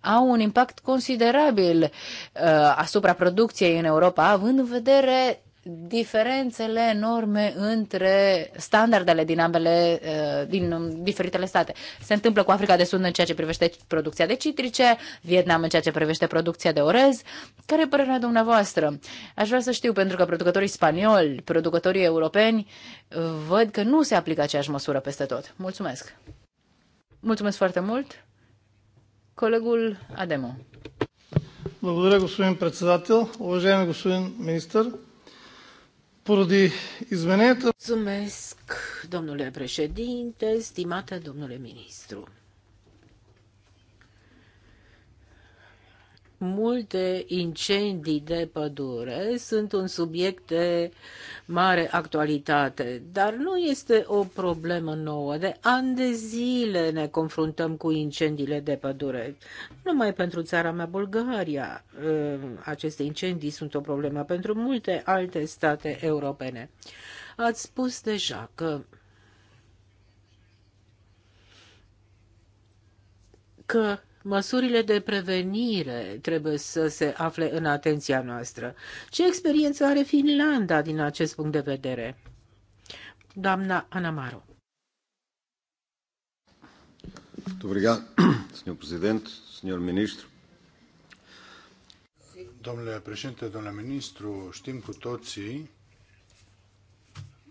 au un impact considerabil uh, asupra producției în Europa, având în vedere diferențele enorme între standardele din ambele, uh, din diferitele state. Se întâmplă cu Africa de Sud în ceea ce privește producția de citrice, Vietnam în ceea ce privește producția de orez. Care e părerea dumneavoastră? Aș vrea să știu, pentru că producătorii spanioli, producătorii europeni, văd că nu se aplică aceeași măsură peste tot. Mulțumesc! Mulțumesc foarte mult! Colegul Ademo. Благодаря, господин председател. Уважаеми господин министър, поради измененията... Mulțumesc, domnule președinte, stimate domnule ministru. multe incendii de pădure sunt un subiect de mare actualitate, dar nu este o problemă nouă. De ani de zile ne confruntăm cu incendiile de pădure. Numai pentru țara mea, Bulgaria, ă, aceste incendii sunt o problemă pentru multe alte state europene. Ați spus deja că că Măsurile de prevenire trebuie să se afle în atenția noastră. Ce experiență are Finlanda din acest punct de vedere? Doamna Anamaro. Muito obrigado, Sr. Domnule președinte, domnule ministru, știm cu toții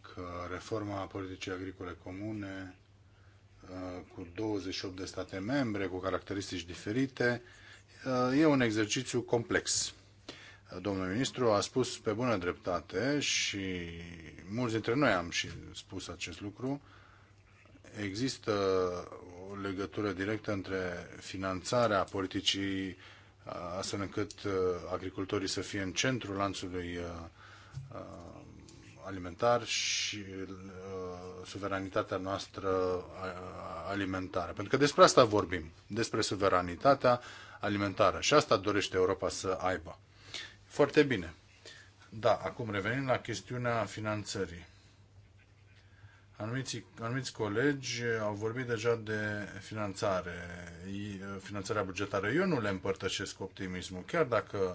că reforma politicii agricole comune Uh, cu 28 de state membre, cu caracteristici diferite. Uh, e un exercițiu complex. Uh, domnul ministru a spus pe bună dreptate și mulți dintre noi am și spus acest lucru. Există o legătură directă între finanțarea politicii astfel încât agricultorii să fie în centrul lanțului alimentar și uh, suveranitatea noastră uh, alimentară. Pentru că despre asta vorbim, despre suveranitatea alimentară. Și asta dorește Europa să aibă. Foarte bine. Da, acum revenim la chestiunea finanțării. Anumiți, anumiți colegi au vorbit deja de finanțare, uh, finanțarea bugetară. Eu nu le împărtășesc optimismul, chiar dacă uh,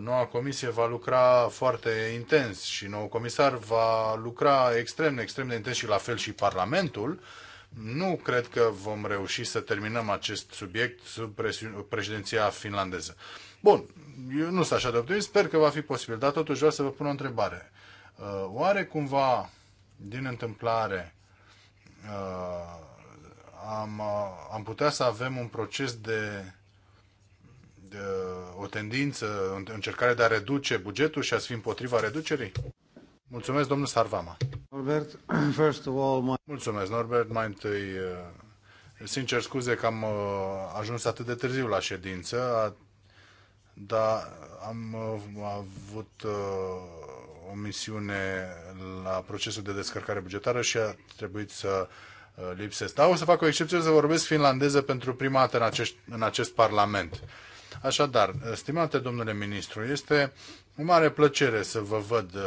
noua comisie va lucra foarte intens și nou comisar va lucra extrem, extrem de intens și la fel și Parlamentul. Nu cred că vom reuși să terminăm acest subiect sub președinția finlandeză. Bun, eu nu sunt așa de optimist, sper că va fi posibil, dar totuși vreau să vă pun o întrebare. Uh, oare cumva, din întâmplare, uh, am, uh, am putea să avem un proces de o tendință, încercare de a reduce bugetul și a fi împotriva reducerii? Mulțumesc, domnul Sarvama. Norbert, *clears throat* first of all, my... Mulțumesc, Norbert. Mai întâi, eh, sincer scuze că am eh, ajuns atât de târziu la ședință, dar am eh, avut o misiune la procesul de descărcare bugetară și a trebuit să lipsesc. Dar o să fac o excepție să vorbesc finlandeză pentru prima dată în, în acest parlament. Așadar, stimate domnule ministru, este o mare plăcere să vă văd uh,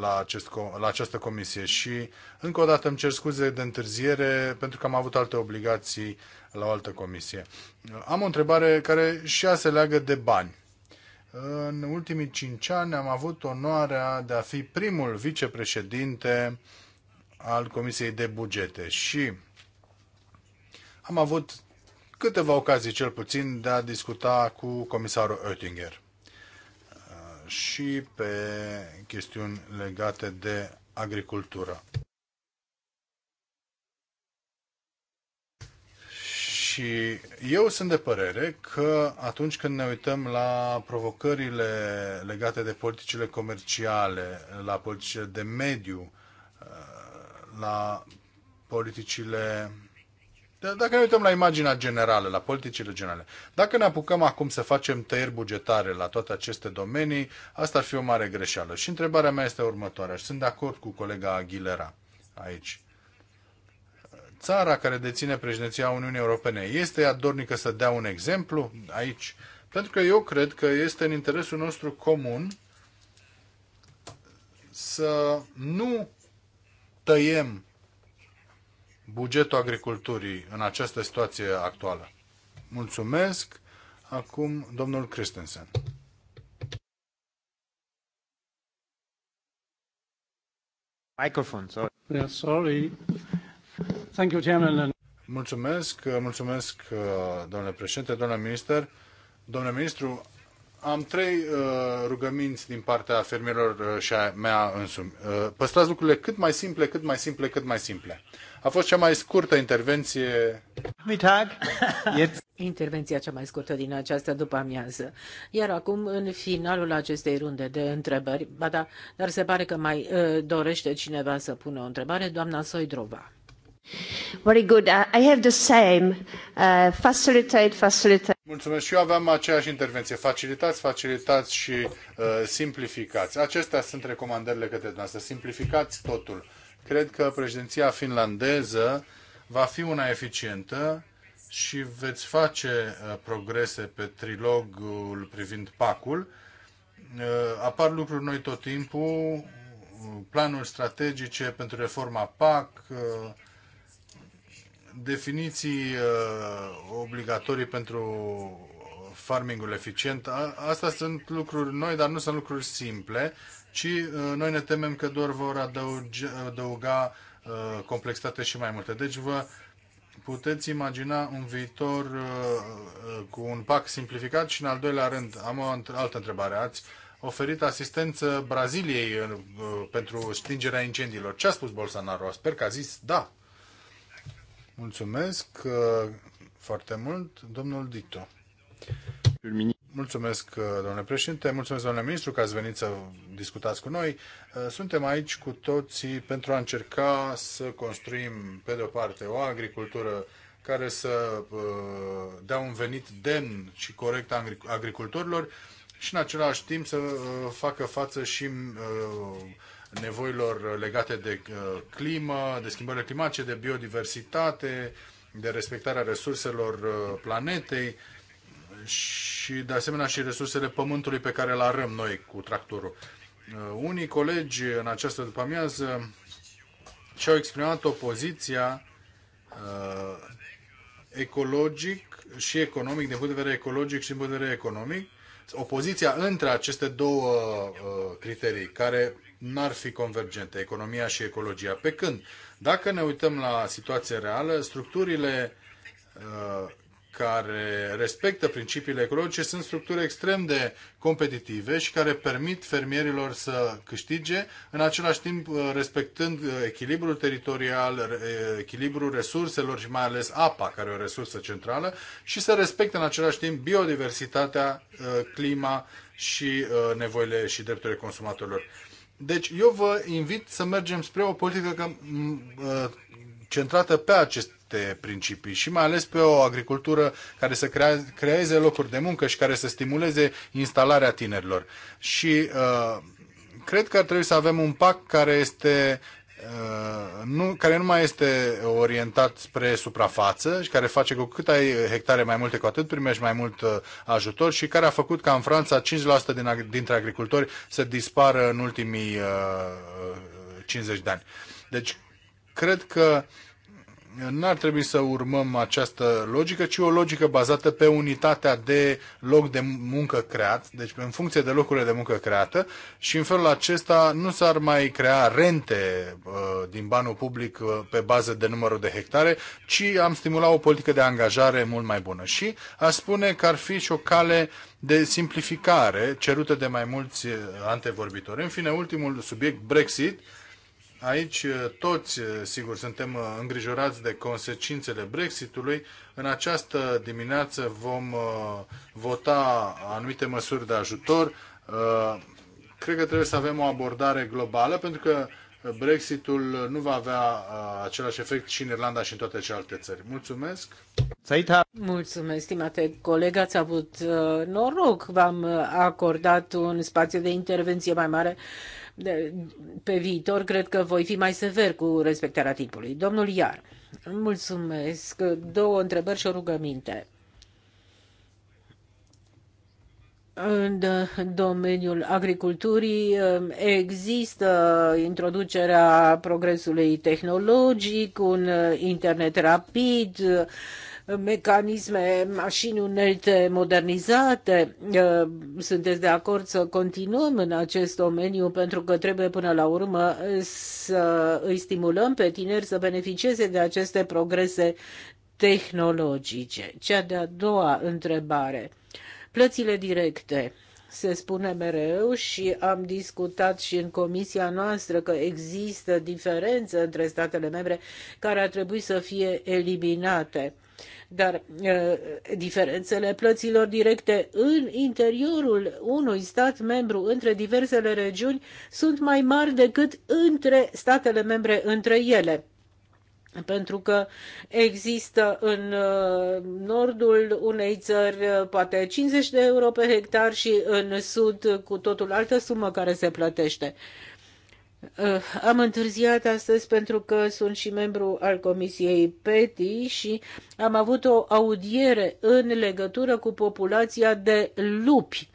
la, acest, la această comisie și încă o dată îmi cer scuze de întârziere pentru că am avut alte obligații la o altă comisie. Uh, am o întrebare care și ea se leagă de bani. În ultimii cinci ani am avut onoarea de a fi primul vicepreședinte al Comisiei de Bugete și am avut câteva ocazii cel puțin de a discuta cu comisarul Oettinger uh, și pe chestiuni legate de agricultură. Și eu sunt de părere că atunci când ne uităm la provocările legate de politicile comerciale, la politicile de mediu, uh, la politicile dacă ne uităm la imaginea generală, la politicile generale, dacă ne apucăm acum să facem tăieri bugetare la toate aceste domenii, asta ar fi o mare greșeală. Și întrebarea mea este următoarea și sunt de acord cu colega Aguilera aici. Țara care deține președinția Uniunii Europene este ea dornică să dea un exemplu aici? Pentru că eu cred că este în interesul nostru comun să nu tăiem bugetul agriculturii în această situație actuală? Mulțumesc. Acum domnul Christensen. Microphone, sorry. Yeah, sorry. Thank you, Chairman. Mulțumesc, mulțumesc, uh, domnule președinte, domnule minister. Domnule ministru, am trei uh, rugăminți din partea fermierilor uh, și a mea însumi. păstrați lucrurile cât mai simple, cât mai simple, cât mai simple. A fost cea mai scurtă intervenție. *laughs* Intervenția cea mai scurtă din această după-amiază. Iar acum, în finalul acestei runde de întrebări, ba da, dar se pare că mai uh, dorește cineva să pună o întrebare, doamna Soidrova. Very good. I have the same. Uh, facilitate, facilitate. Mulțumesc. Și eu aveam aceeași intervenție. Facilitați, facilitați și uh, simplificați. Acestea sunt recomandările către dumneavoastră. Simplificați totul Cred că președinția finlandeză va fi una eficientă și veți face uh, progrese pe trilogul privind pacul. Uh, apar lucruri noi tot timpul, uh, planuri strategice pentru reforma PAC, definiții obligatorii pentru farmingul eficient. Asta sunt lucruri noi, dar nu sunt lucruri simple ci uh, noi ne temem că doar vor adăuge, adăuga uh, complexitate și mai multe. Deci vă puteți imagina un viitor uh, cu un pac simplificat și în al doilea rând am o altă întrebare. Ați oferit asistență Braziliei pentru stingerea incendiilor. Ce a spus Bolsonaro? Sper că a zis da. Mulțumesc foarte mult, domnul Dito. Mulțumesc, uh, domnule președinte, mulțumesc, domnule ministru, că ați venit să discutați cu noi. Uh, suntem aici cu toții pentru a încerca să construim, pe de o parte, o agricultură care să uh, dea un venit demn și corect agricultorilor și, în același timp, să facă față și nevoilor legate de climă, de schimbările climatice, de biodiversitate, de respectarea resurselor planetei și și de asemenea și resursele pământului pe care îl arăm noi cu tractorul. Uh, unii colegi în această după-amiază și-au exprimat opoziția uh, ecologic și economic, din punct de vedere ecologic și din punct de vedere economic, opoziția între aceste două uh, criterii care n-ar fi convergente, economia și ecologia. Pe când, dacă ne uităm la situația reală, structurile uh, care respectă principiile ecologice sunt structuri extrem de competitive și care permit fermierilor să câștige, în același timp uh, respectând uh, echilibrul teritorial, uh, echilibrul resurselor și mai ales apa, care e o resursă centrală, și să respecte în același timp biodiversitatea, clima și nevoile și drepturile consumatorilor. Deci eu vă invit să mergem spre o politică centrată pe acest aceste principii și mai ales pe o agricultură care să creeze locuri de muncă și care să stimuleze instalarea tinerilor. Și uh, cred că ar trebui să avem un pact care este uh, nu, care nu mai este orientat spre suprafață și care face cu cât ai hectare mai multe, cu atât primești mai mult uh, ajutor și care a făcut ca în Franța 5% din, dintre agricultori să dispară în ultimii uh, 50 uh, de ani. Deci, cred că uh, N-ar trebui să urmăm această logică, ci o logică bazată pe unitatea de loc de muncă creat, deci în funcție de locurile de muncă creată și în felul acesta nu s-ar mai crea rente uh, din banul public uh, pe bază de numărul de hectare, ci am stimulat o politică de angajare mult mai bună. Și a spune că ar fi și o cale de simplificare cerută de mai mulți uh, antevorbitori. În fine, ultimul subiect, Brexit. Uh, Aici eh, toți, eh, sigur, suntem eh, îngrijorați de consecințele Brexitului. În această dimineață vom vota anumite măsuri de ajutor. Cred că trebuie să avem o abordare globală, pentru că Brexitul nu va avea același efect și în Irlanda și în toate celelalte țări. Mulțumesc! Mulțumesc, stimate coleg, ați avut noroc, v-am acordat un spațiu de intervenție mai mare de, pe viitor cred că voi fi mai sever cu respectarea timpului. Domnul Iar, mulțumesc. Două întrebări și o rugăminte. În domeniul agriculturii există introducerea progresului tehnologic, un internet rapid, mecanisme, mașini unelte modernizate. Sunteți de acord să continuăm în acest domeniu pentru că trebuie până la urmă să îi stimulăm pe tineri să beneficieze de aceste progrese tehnologice. Cea de-a doua întrebare. Plățile directe se spune mereu și am discutat și în comisia noastră că există diferențe între statele membre care ar trebui să fie eliminate. Dar diferențele plăților directe în interiorul unui stat membru între diversele regiuni sunt mai mari decât între statele membre între ele pentru că există în nordul unei țări poate 50 de euro pe hectar și în sud cu totul altă sumă care se plătește. Uh, am întârziat astăzi pentru că sunt și membru al Comisiei PETI și am avut o audiere în legătură cu populația de lupi.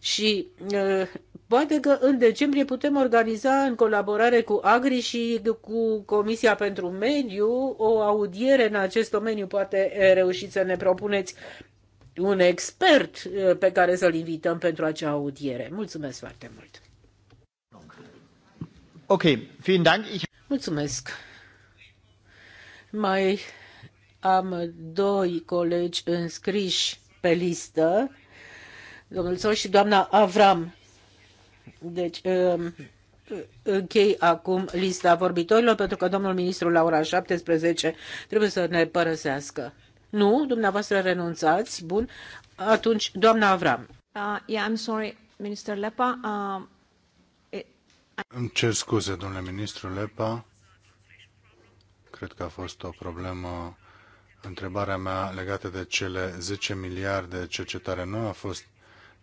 Și uh, poate că în decembrie putem organiza în colaborare cu Agri și cu Comisia pentru Mediu o audiere în acest domeniu. Poate uh, reușiți să ne propuneți un expert pe care să-l invităm pentru acea audiere. Mulțumesc foarte mult! Ok, vielen Dank. Ich... Mulțumesc. Mai am doi colegi înscriși pe listă, domnul Sol și doamna Avram. Deci, um, închei acum lista vorbitorilor, pentru că domnul ministru la ora 17 trebuie să ne părăsească. Nu? Dumneavoastră renunțați? Bun. Atunci, doamna Avram. Uh, yeah, I'm sorry, Minister Lepa. Uh... Îmi cer scuze, domnule ministru Lepa. Cred că a fost o problemă. Întrebarea mea legată de cele 10 miliarde de cercetare nu a fost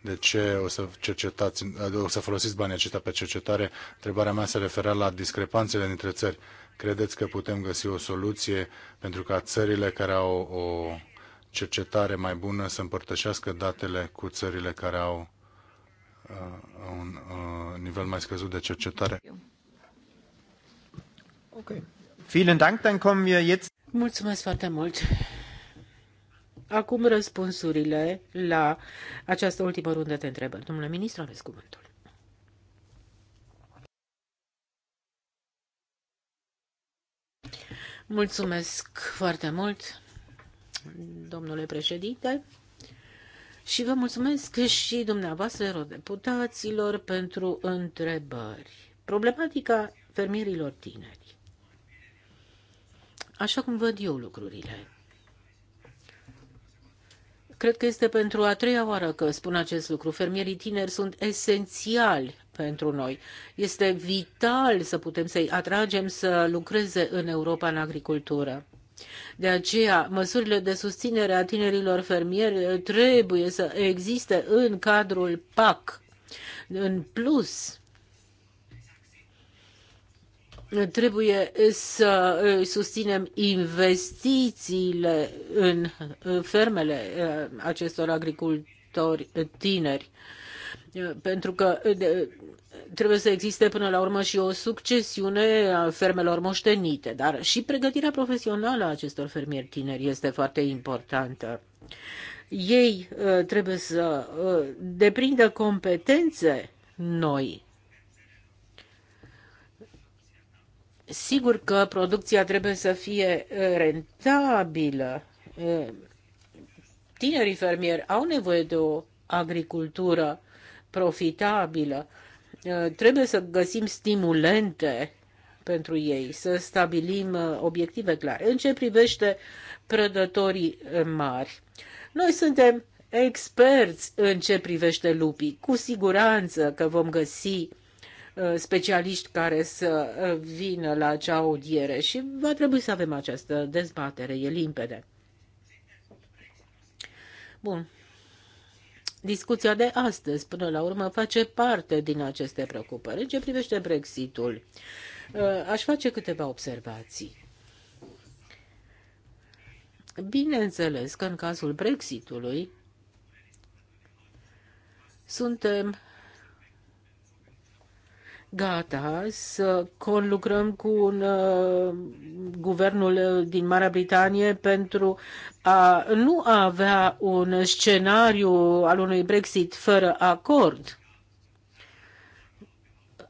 de ce o să, cercetați, o să folosiți banii aceștia pe cercetare. Întrebarea mea se referea la discrepanțele dintre țări. Credeți că putem găsi o soluție pentru ca țările care au o cercetare mai bună să împărtășească datele cu țările care au Uh, un uh, nivel mai scăzut de cercetare. Ok. Vielen Dank, dann kommen wir jetzt. Mulțumesc foarte mult. Acum răspunsurile la această ultimă rundă de întrebări. Domnule ministru, aveți cuvântul. Mulțumesc foarte mult, domnule președinte și vă mulțumesc și dumneavoastră, deputaților, pentru întrebări. Problematica fermierilor tineri. Așa cum văd eu lucrurile. Cred că este pentru a treia oară că spun acest lucru. Fermierii tineri sunt esențiali pentru noi. Este vital să putem să-i atragem să lucreze în Europa în agricultură. De aceea, măsurile de susținere a tinerilor fermieri eh, trebuie să existe în cadrul PAC. În plus, trebuie să eh, susținem investițiile în eh, fermele acestor agricultori tineri pentru că trebuie să existe până la urmă și o succesiune a fermelor moștenite, dar și pregătirea profesională a acestor fermieri tineri este foarte importantă. Ei uh, trebuie să uh, deprindă competențe noi. Sigur că producția trebuie să fie uh, rentabilă. Tinerii fermieri au nevoie de o agricultură profitabilă. Uh, trebuie să găsim stimulente pentru ei, să stabilim uh, obiective clare. În ce privește prădătorii uh, mari, noi suntem experți în ce privește lupii. Cu siguranță că vom găsi specialiști care să vină la acea audiere și va trebui să avem această dezbatere, e limpede. Bun discuția de astăzi, până la urmă, face parte din aceste preocupări. În ce privește Brexitul, uh, aș face câteva observații. Bineînțeles că în cazul Brexitului suntem gata să conlucrăm cu un, uh, guvernul din Marea Britanie pentru a nu avea un scenariu al unui Brexit fără acord.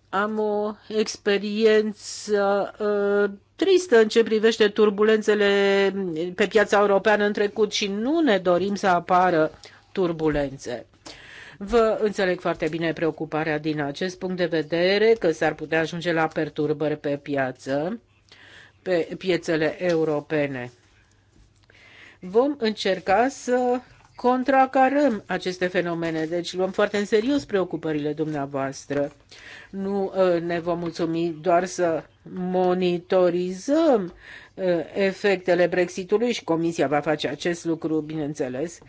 Am o experiență uh, tristă în ce privește turbulențele pe piața europeană în trecut și nu ne dorim să apară turbulențe. Vă înțeleg foarte bine preocuparea din acest punct de vedere că s-ar putea ajunge la perturbări pe piață, pe piețele europene. Vom încerca să contracarăm aceste fenomene, deci luăm foarte în serios preocupările dumneavoastră. Nu uh, ne vom mulțumi doar să monitorizăm uh, efectele Brexitului și Comisia va face acest lucru, bineînțeles,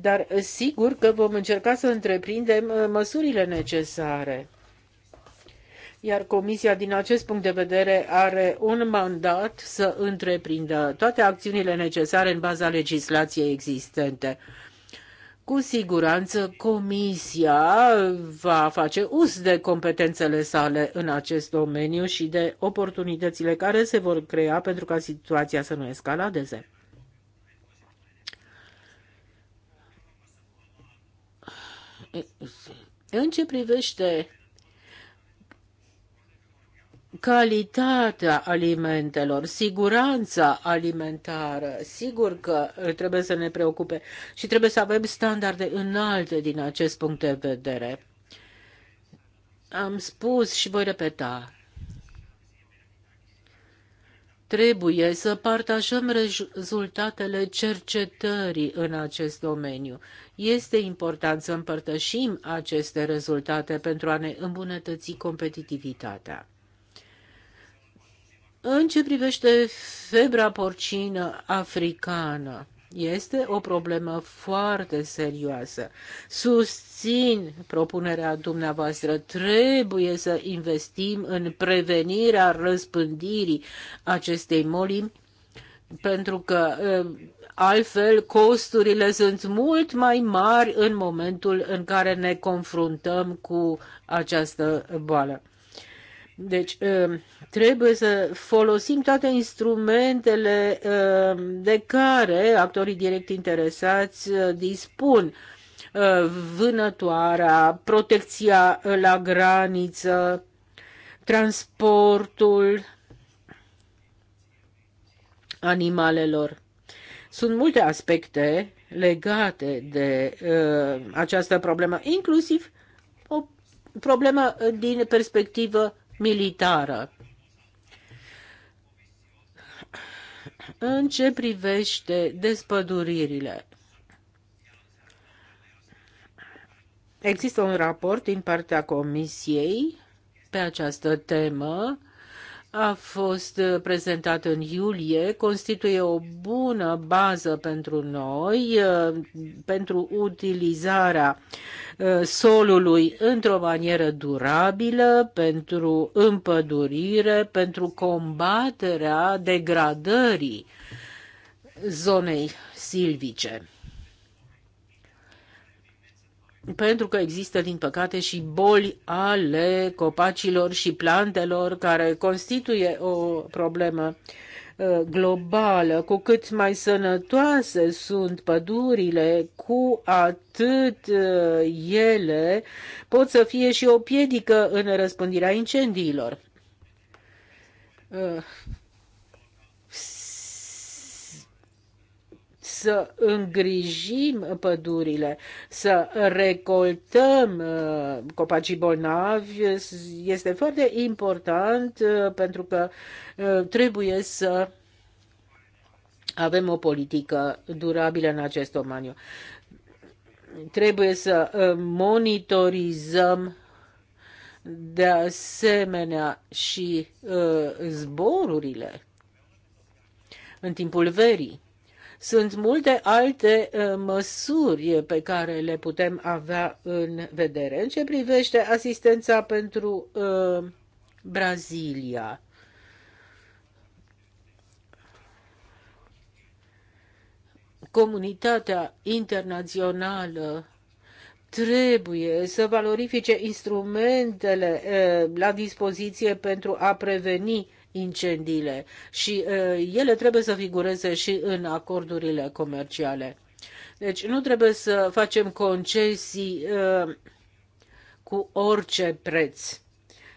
dar eh, sigur că vom încerca să întreprindem eh, măsurile necesare. Iar Comisia, din acest punct de vedere, are un mandat să întreprindă toate acțiunile necesare în baza legislației existente. Cu siguranță, Comisia va face uz de competențele sale în acest domeniu și de oportunitățile care se vor crea pentru ca situația să nu escaladeze. În ce privește calitatea alimentelor, siguranța alimentară, sigur că trebuie să ne preocupe și trebuie să avem standarde înalte din acest punct de vedere. Am spus și voi repeta, Trebuie să partajăm rezultatele cercetării în acest domeniu. Este important să împărtășim aceste rezultate pentru a ne îmbunătăți competitivitatea. În ce privește febra porcină africană, este o problemă foarte serioasă. Susțin propunerea dumneavoastră. Trebuie să investim în prevenirea răspândirii acestei moli pentru că ă, altfel costurile sunt mult mai mari în momentul în care ne confruntăm cu această boală. Deci um, trebuie să folosim toate instrumentele um, de care actorii direct interesați uh, dispun. Uh, vânătoarea, protecția la graniță, transportul animalelor. Sunt multe aspecte legate de uh, această problemă, inclusiv o problemă din perspectivă militară. În ce privește despăduririle, există un raport din partea Comisiei pe această temă a fost uh, prezentat în iulie, constituie o bună bază pentru noi, uh, pentru utilizarea uh, solului într-o manieră durabilă, pentru împădurire, pentru combaterea degradării zonei silvice pentru că există, din păcate, și boli ale copacilor și plantelor care constituie o problemă uh, globală. Cu cât mai sănătoase sunt pădurile, cu atât uh, ele pot să fie și o piedică în răspândirea incendiilor uh, să îngrijim pădurile, să recoltăm uh, copacii bolnavi este foarte important uh, pentru că uh, trebuie să avem o politică durabilă în acest domeniu. Trebuie să monitorizăm de asemenea și zborurile în timpul verii. Sunt multe alte uh, măsuri pe care le putem avea în vedere. În ce privește asistența pentru uh, Brazilia, comunitatea internațională trebuie să valorifice instrumentele uh, la dispoziție pentru a preveni incendiile și uh, ele trebuie să figureze și în acordurile comerciale. Deci nu trebuie să facem concesii uh, cu orice preț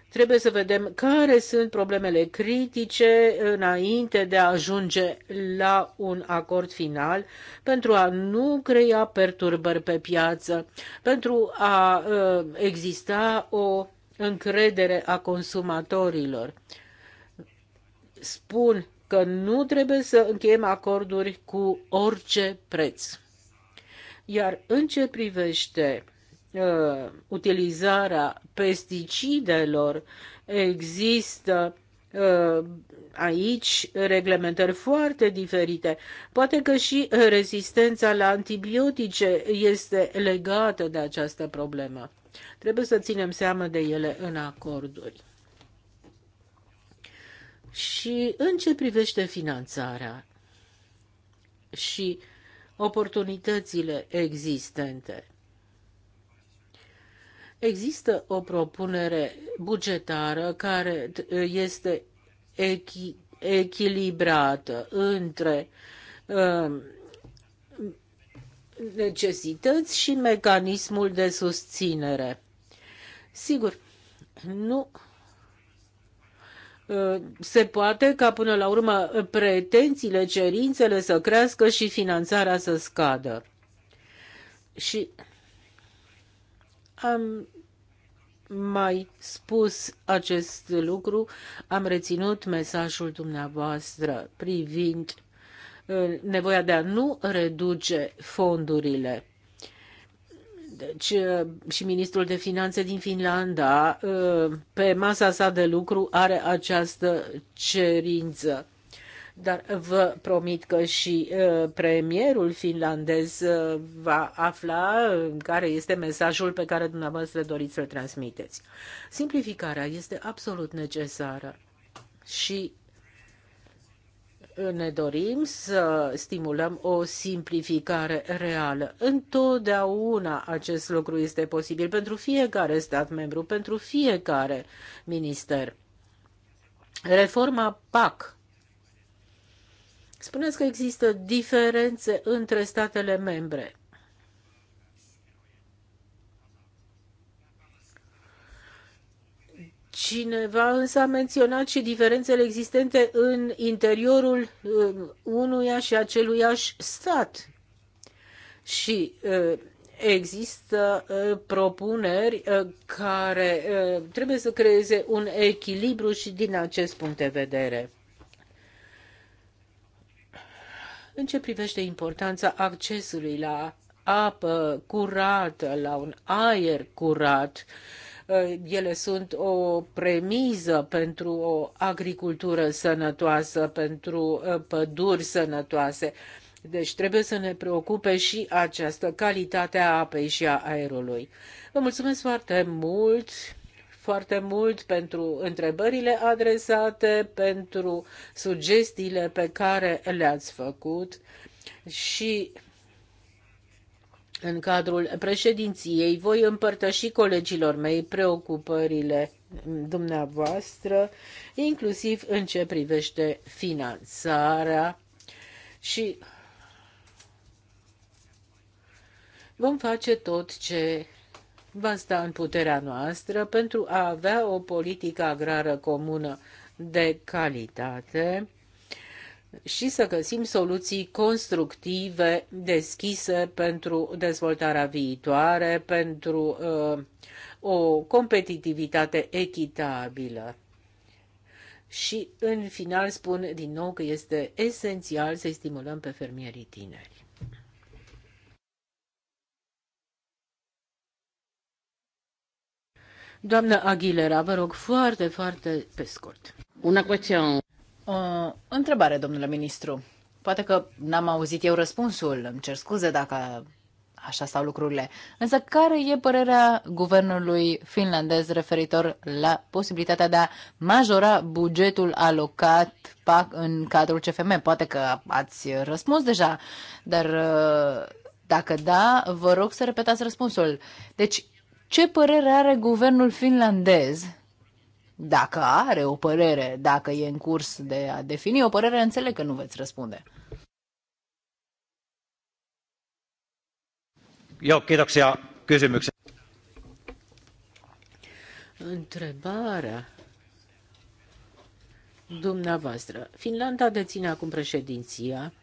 trebuie să vedem care sunt problemele critice înainte de a ajunge la un acord final pentru a nu crea perturbări pe piață, pentru a uh, exista o încredere a consumatorilor spun că nu trebuie să încheiem acorduri cu orice preț. Iar în ce privește uh, utilizarea pesticidelor, există uh, aici reglementări foarte diferite. Poate că și rezistența la antibiotice este legată de această problemă. Trebuie să ținem seama de ele în acorduri. Și în ce privește finanțarea și oportunitățile existente, există o propunere bugetară care este echi, echilibrată între uh, necesități și mecanismul de susținere. Sigur, nu Uh, se poate ca până la urmă pretențiile, cerințele să crească și finanțarea să scadă. Și am mai spus acest lucru, am reținut mesajul dumneavoastră privind uh, nevoia de a nu reduce fondurile. Deci, uh, și ministrul de finanțe din Finlanda, uh, pe masa sa de lucru, are această cerință. Dar vă promit că și uh, premierul finlandez va afla care este mesajul pe care dumneavoastră doriți să-l transmiteți. Simplificarea este absolut necesară și ne dorim să stimulăm o simplificare reală. Întotdeauna acest lucru este posibil pentru fiecare stat membru, pentru fiecare minister. Reforma PAC. Spuneți că există diferențe între statele membre. Cineva însă a menționat și diferențele existente în interiorul uh, unuia și aceluiași stat. Și uh, există uh, propuneri care trebuie să creeze un echilibru și din acest punct de vedere. În ce privește importanța accesului la apă curată, la un aer curat, uh, Eh, ele sunt o premiză pentru o agricultură sănătoasă, pentru eh, păduri sănătoase. Deci trebuie să ne preocupe și această calitate a apei și a aerului. Vă mulțumesc foarte mult, foarte mult pentru întrebările adresate, pentru sugestiile pe care le-ați făcut și în cadrul președinției voi împărtăși colegilor mei preocupările dumneavoastră, inclusiv în ce privește finanțarea și vom face tot ce va sta în puterea noastră pentru a avea o politică agrară comună de calitate și să găsim soluții constructive, deschise pentru dezvoltarea viitoare, pentru uh, o competitivitate echitabilă. Și, în final, spun din nou că este esențial să stimulăm pe fermierii tineri. Aguilera, vă rog foarte, foarte pe scurt. Una cuestiune. O întrebare, domnule ministru. Poate că n-am auzit eu răspunsul, îmi cer scuze dacă așa stau lucrurile. Însă care e părerea guvernului finlandez referitor la posibilitatea de a majora bugetul alocat PAC în cadrul CFM? Poate că ați răspuns deja, dar uh, dacă da, vă rog să repetați răspunsul. Deci, ce părere are guvernul finlandez dacă are o părere, dacă e în curs de a defini o părere, înțeleg că nu veți răspunde. Joo, kiitoksia kysymyksestä. Întrebarea dumneavoastră. Finlanda deține acum președinția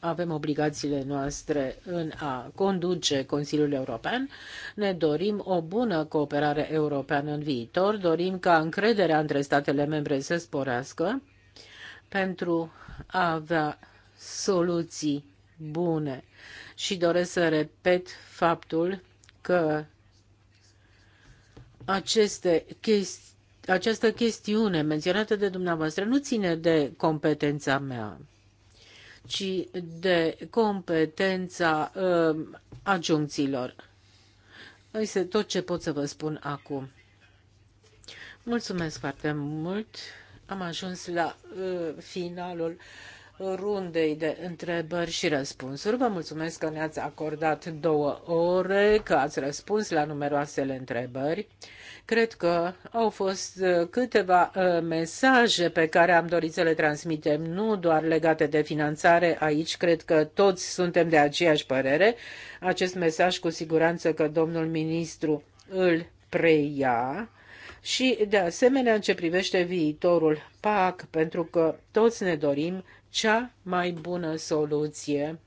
avem obligațiile noastre în a conduce Consiliul European. Ne dorim o bună cooperare europeană în viitor, dorim ca încrederea între statele membre să sporească pentru a avea soluții bune. Și doresc să repet faptul că aceste chesti- această chestiune menționată de dumneavoastră nu ține de competența mea ci de competența uh, adjuncților. Este tot ce pot să vă spun acum. Mulțumesc foarte mult. Am ajuns la uh, finalul rundei de întrebări și răspunsuri. Vă mulțumesc că ne-ați acordat două ore, că ați răspuns la numeroasele întrebări. Cred că au fost uh, câteva uh, mesaje pe care am dorit să le transmitem, nu doar legate de finanțare. Aici cred că toți suntem de aceeași părere. Acest mesaj cu siguranță că domnul ministru îl preia și, de asemenea, în ce privește viitorul PAC, pentru că toți ne dorim cea mai bună soluție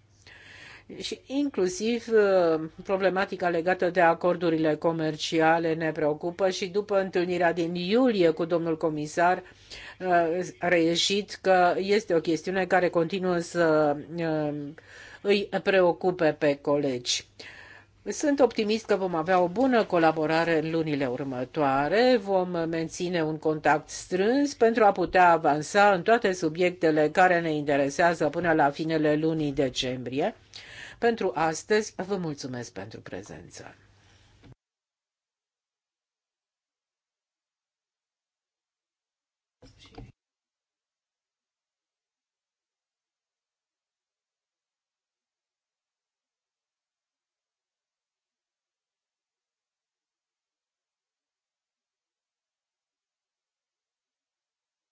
și inclusiv uh, problematica legată de acordurile comerciale ne preocupă și după întâlnirea din iulie cu domnul comisar uh, a reieșit că este o chestiune care continuă să uh, îi preocupe pe colegi. Sunt optimist că vom avea o bună colaborare în lunile următoare, vom menține un contact strâns pentru a putea avansa în toate subiectele care ne interesează până la finele lunii decembrie pentru astăzi. Vă mulțumesc pentru prezență.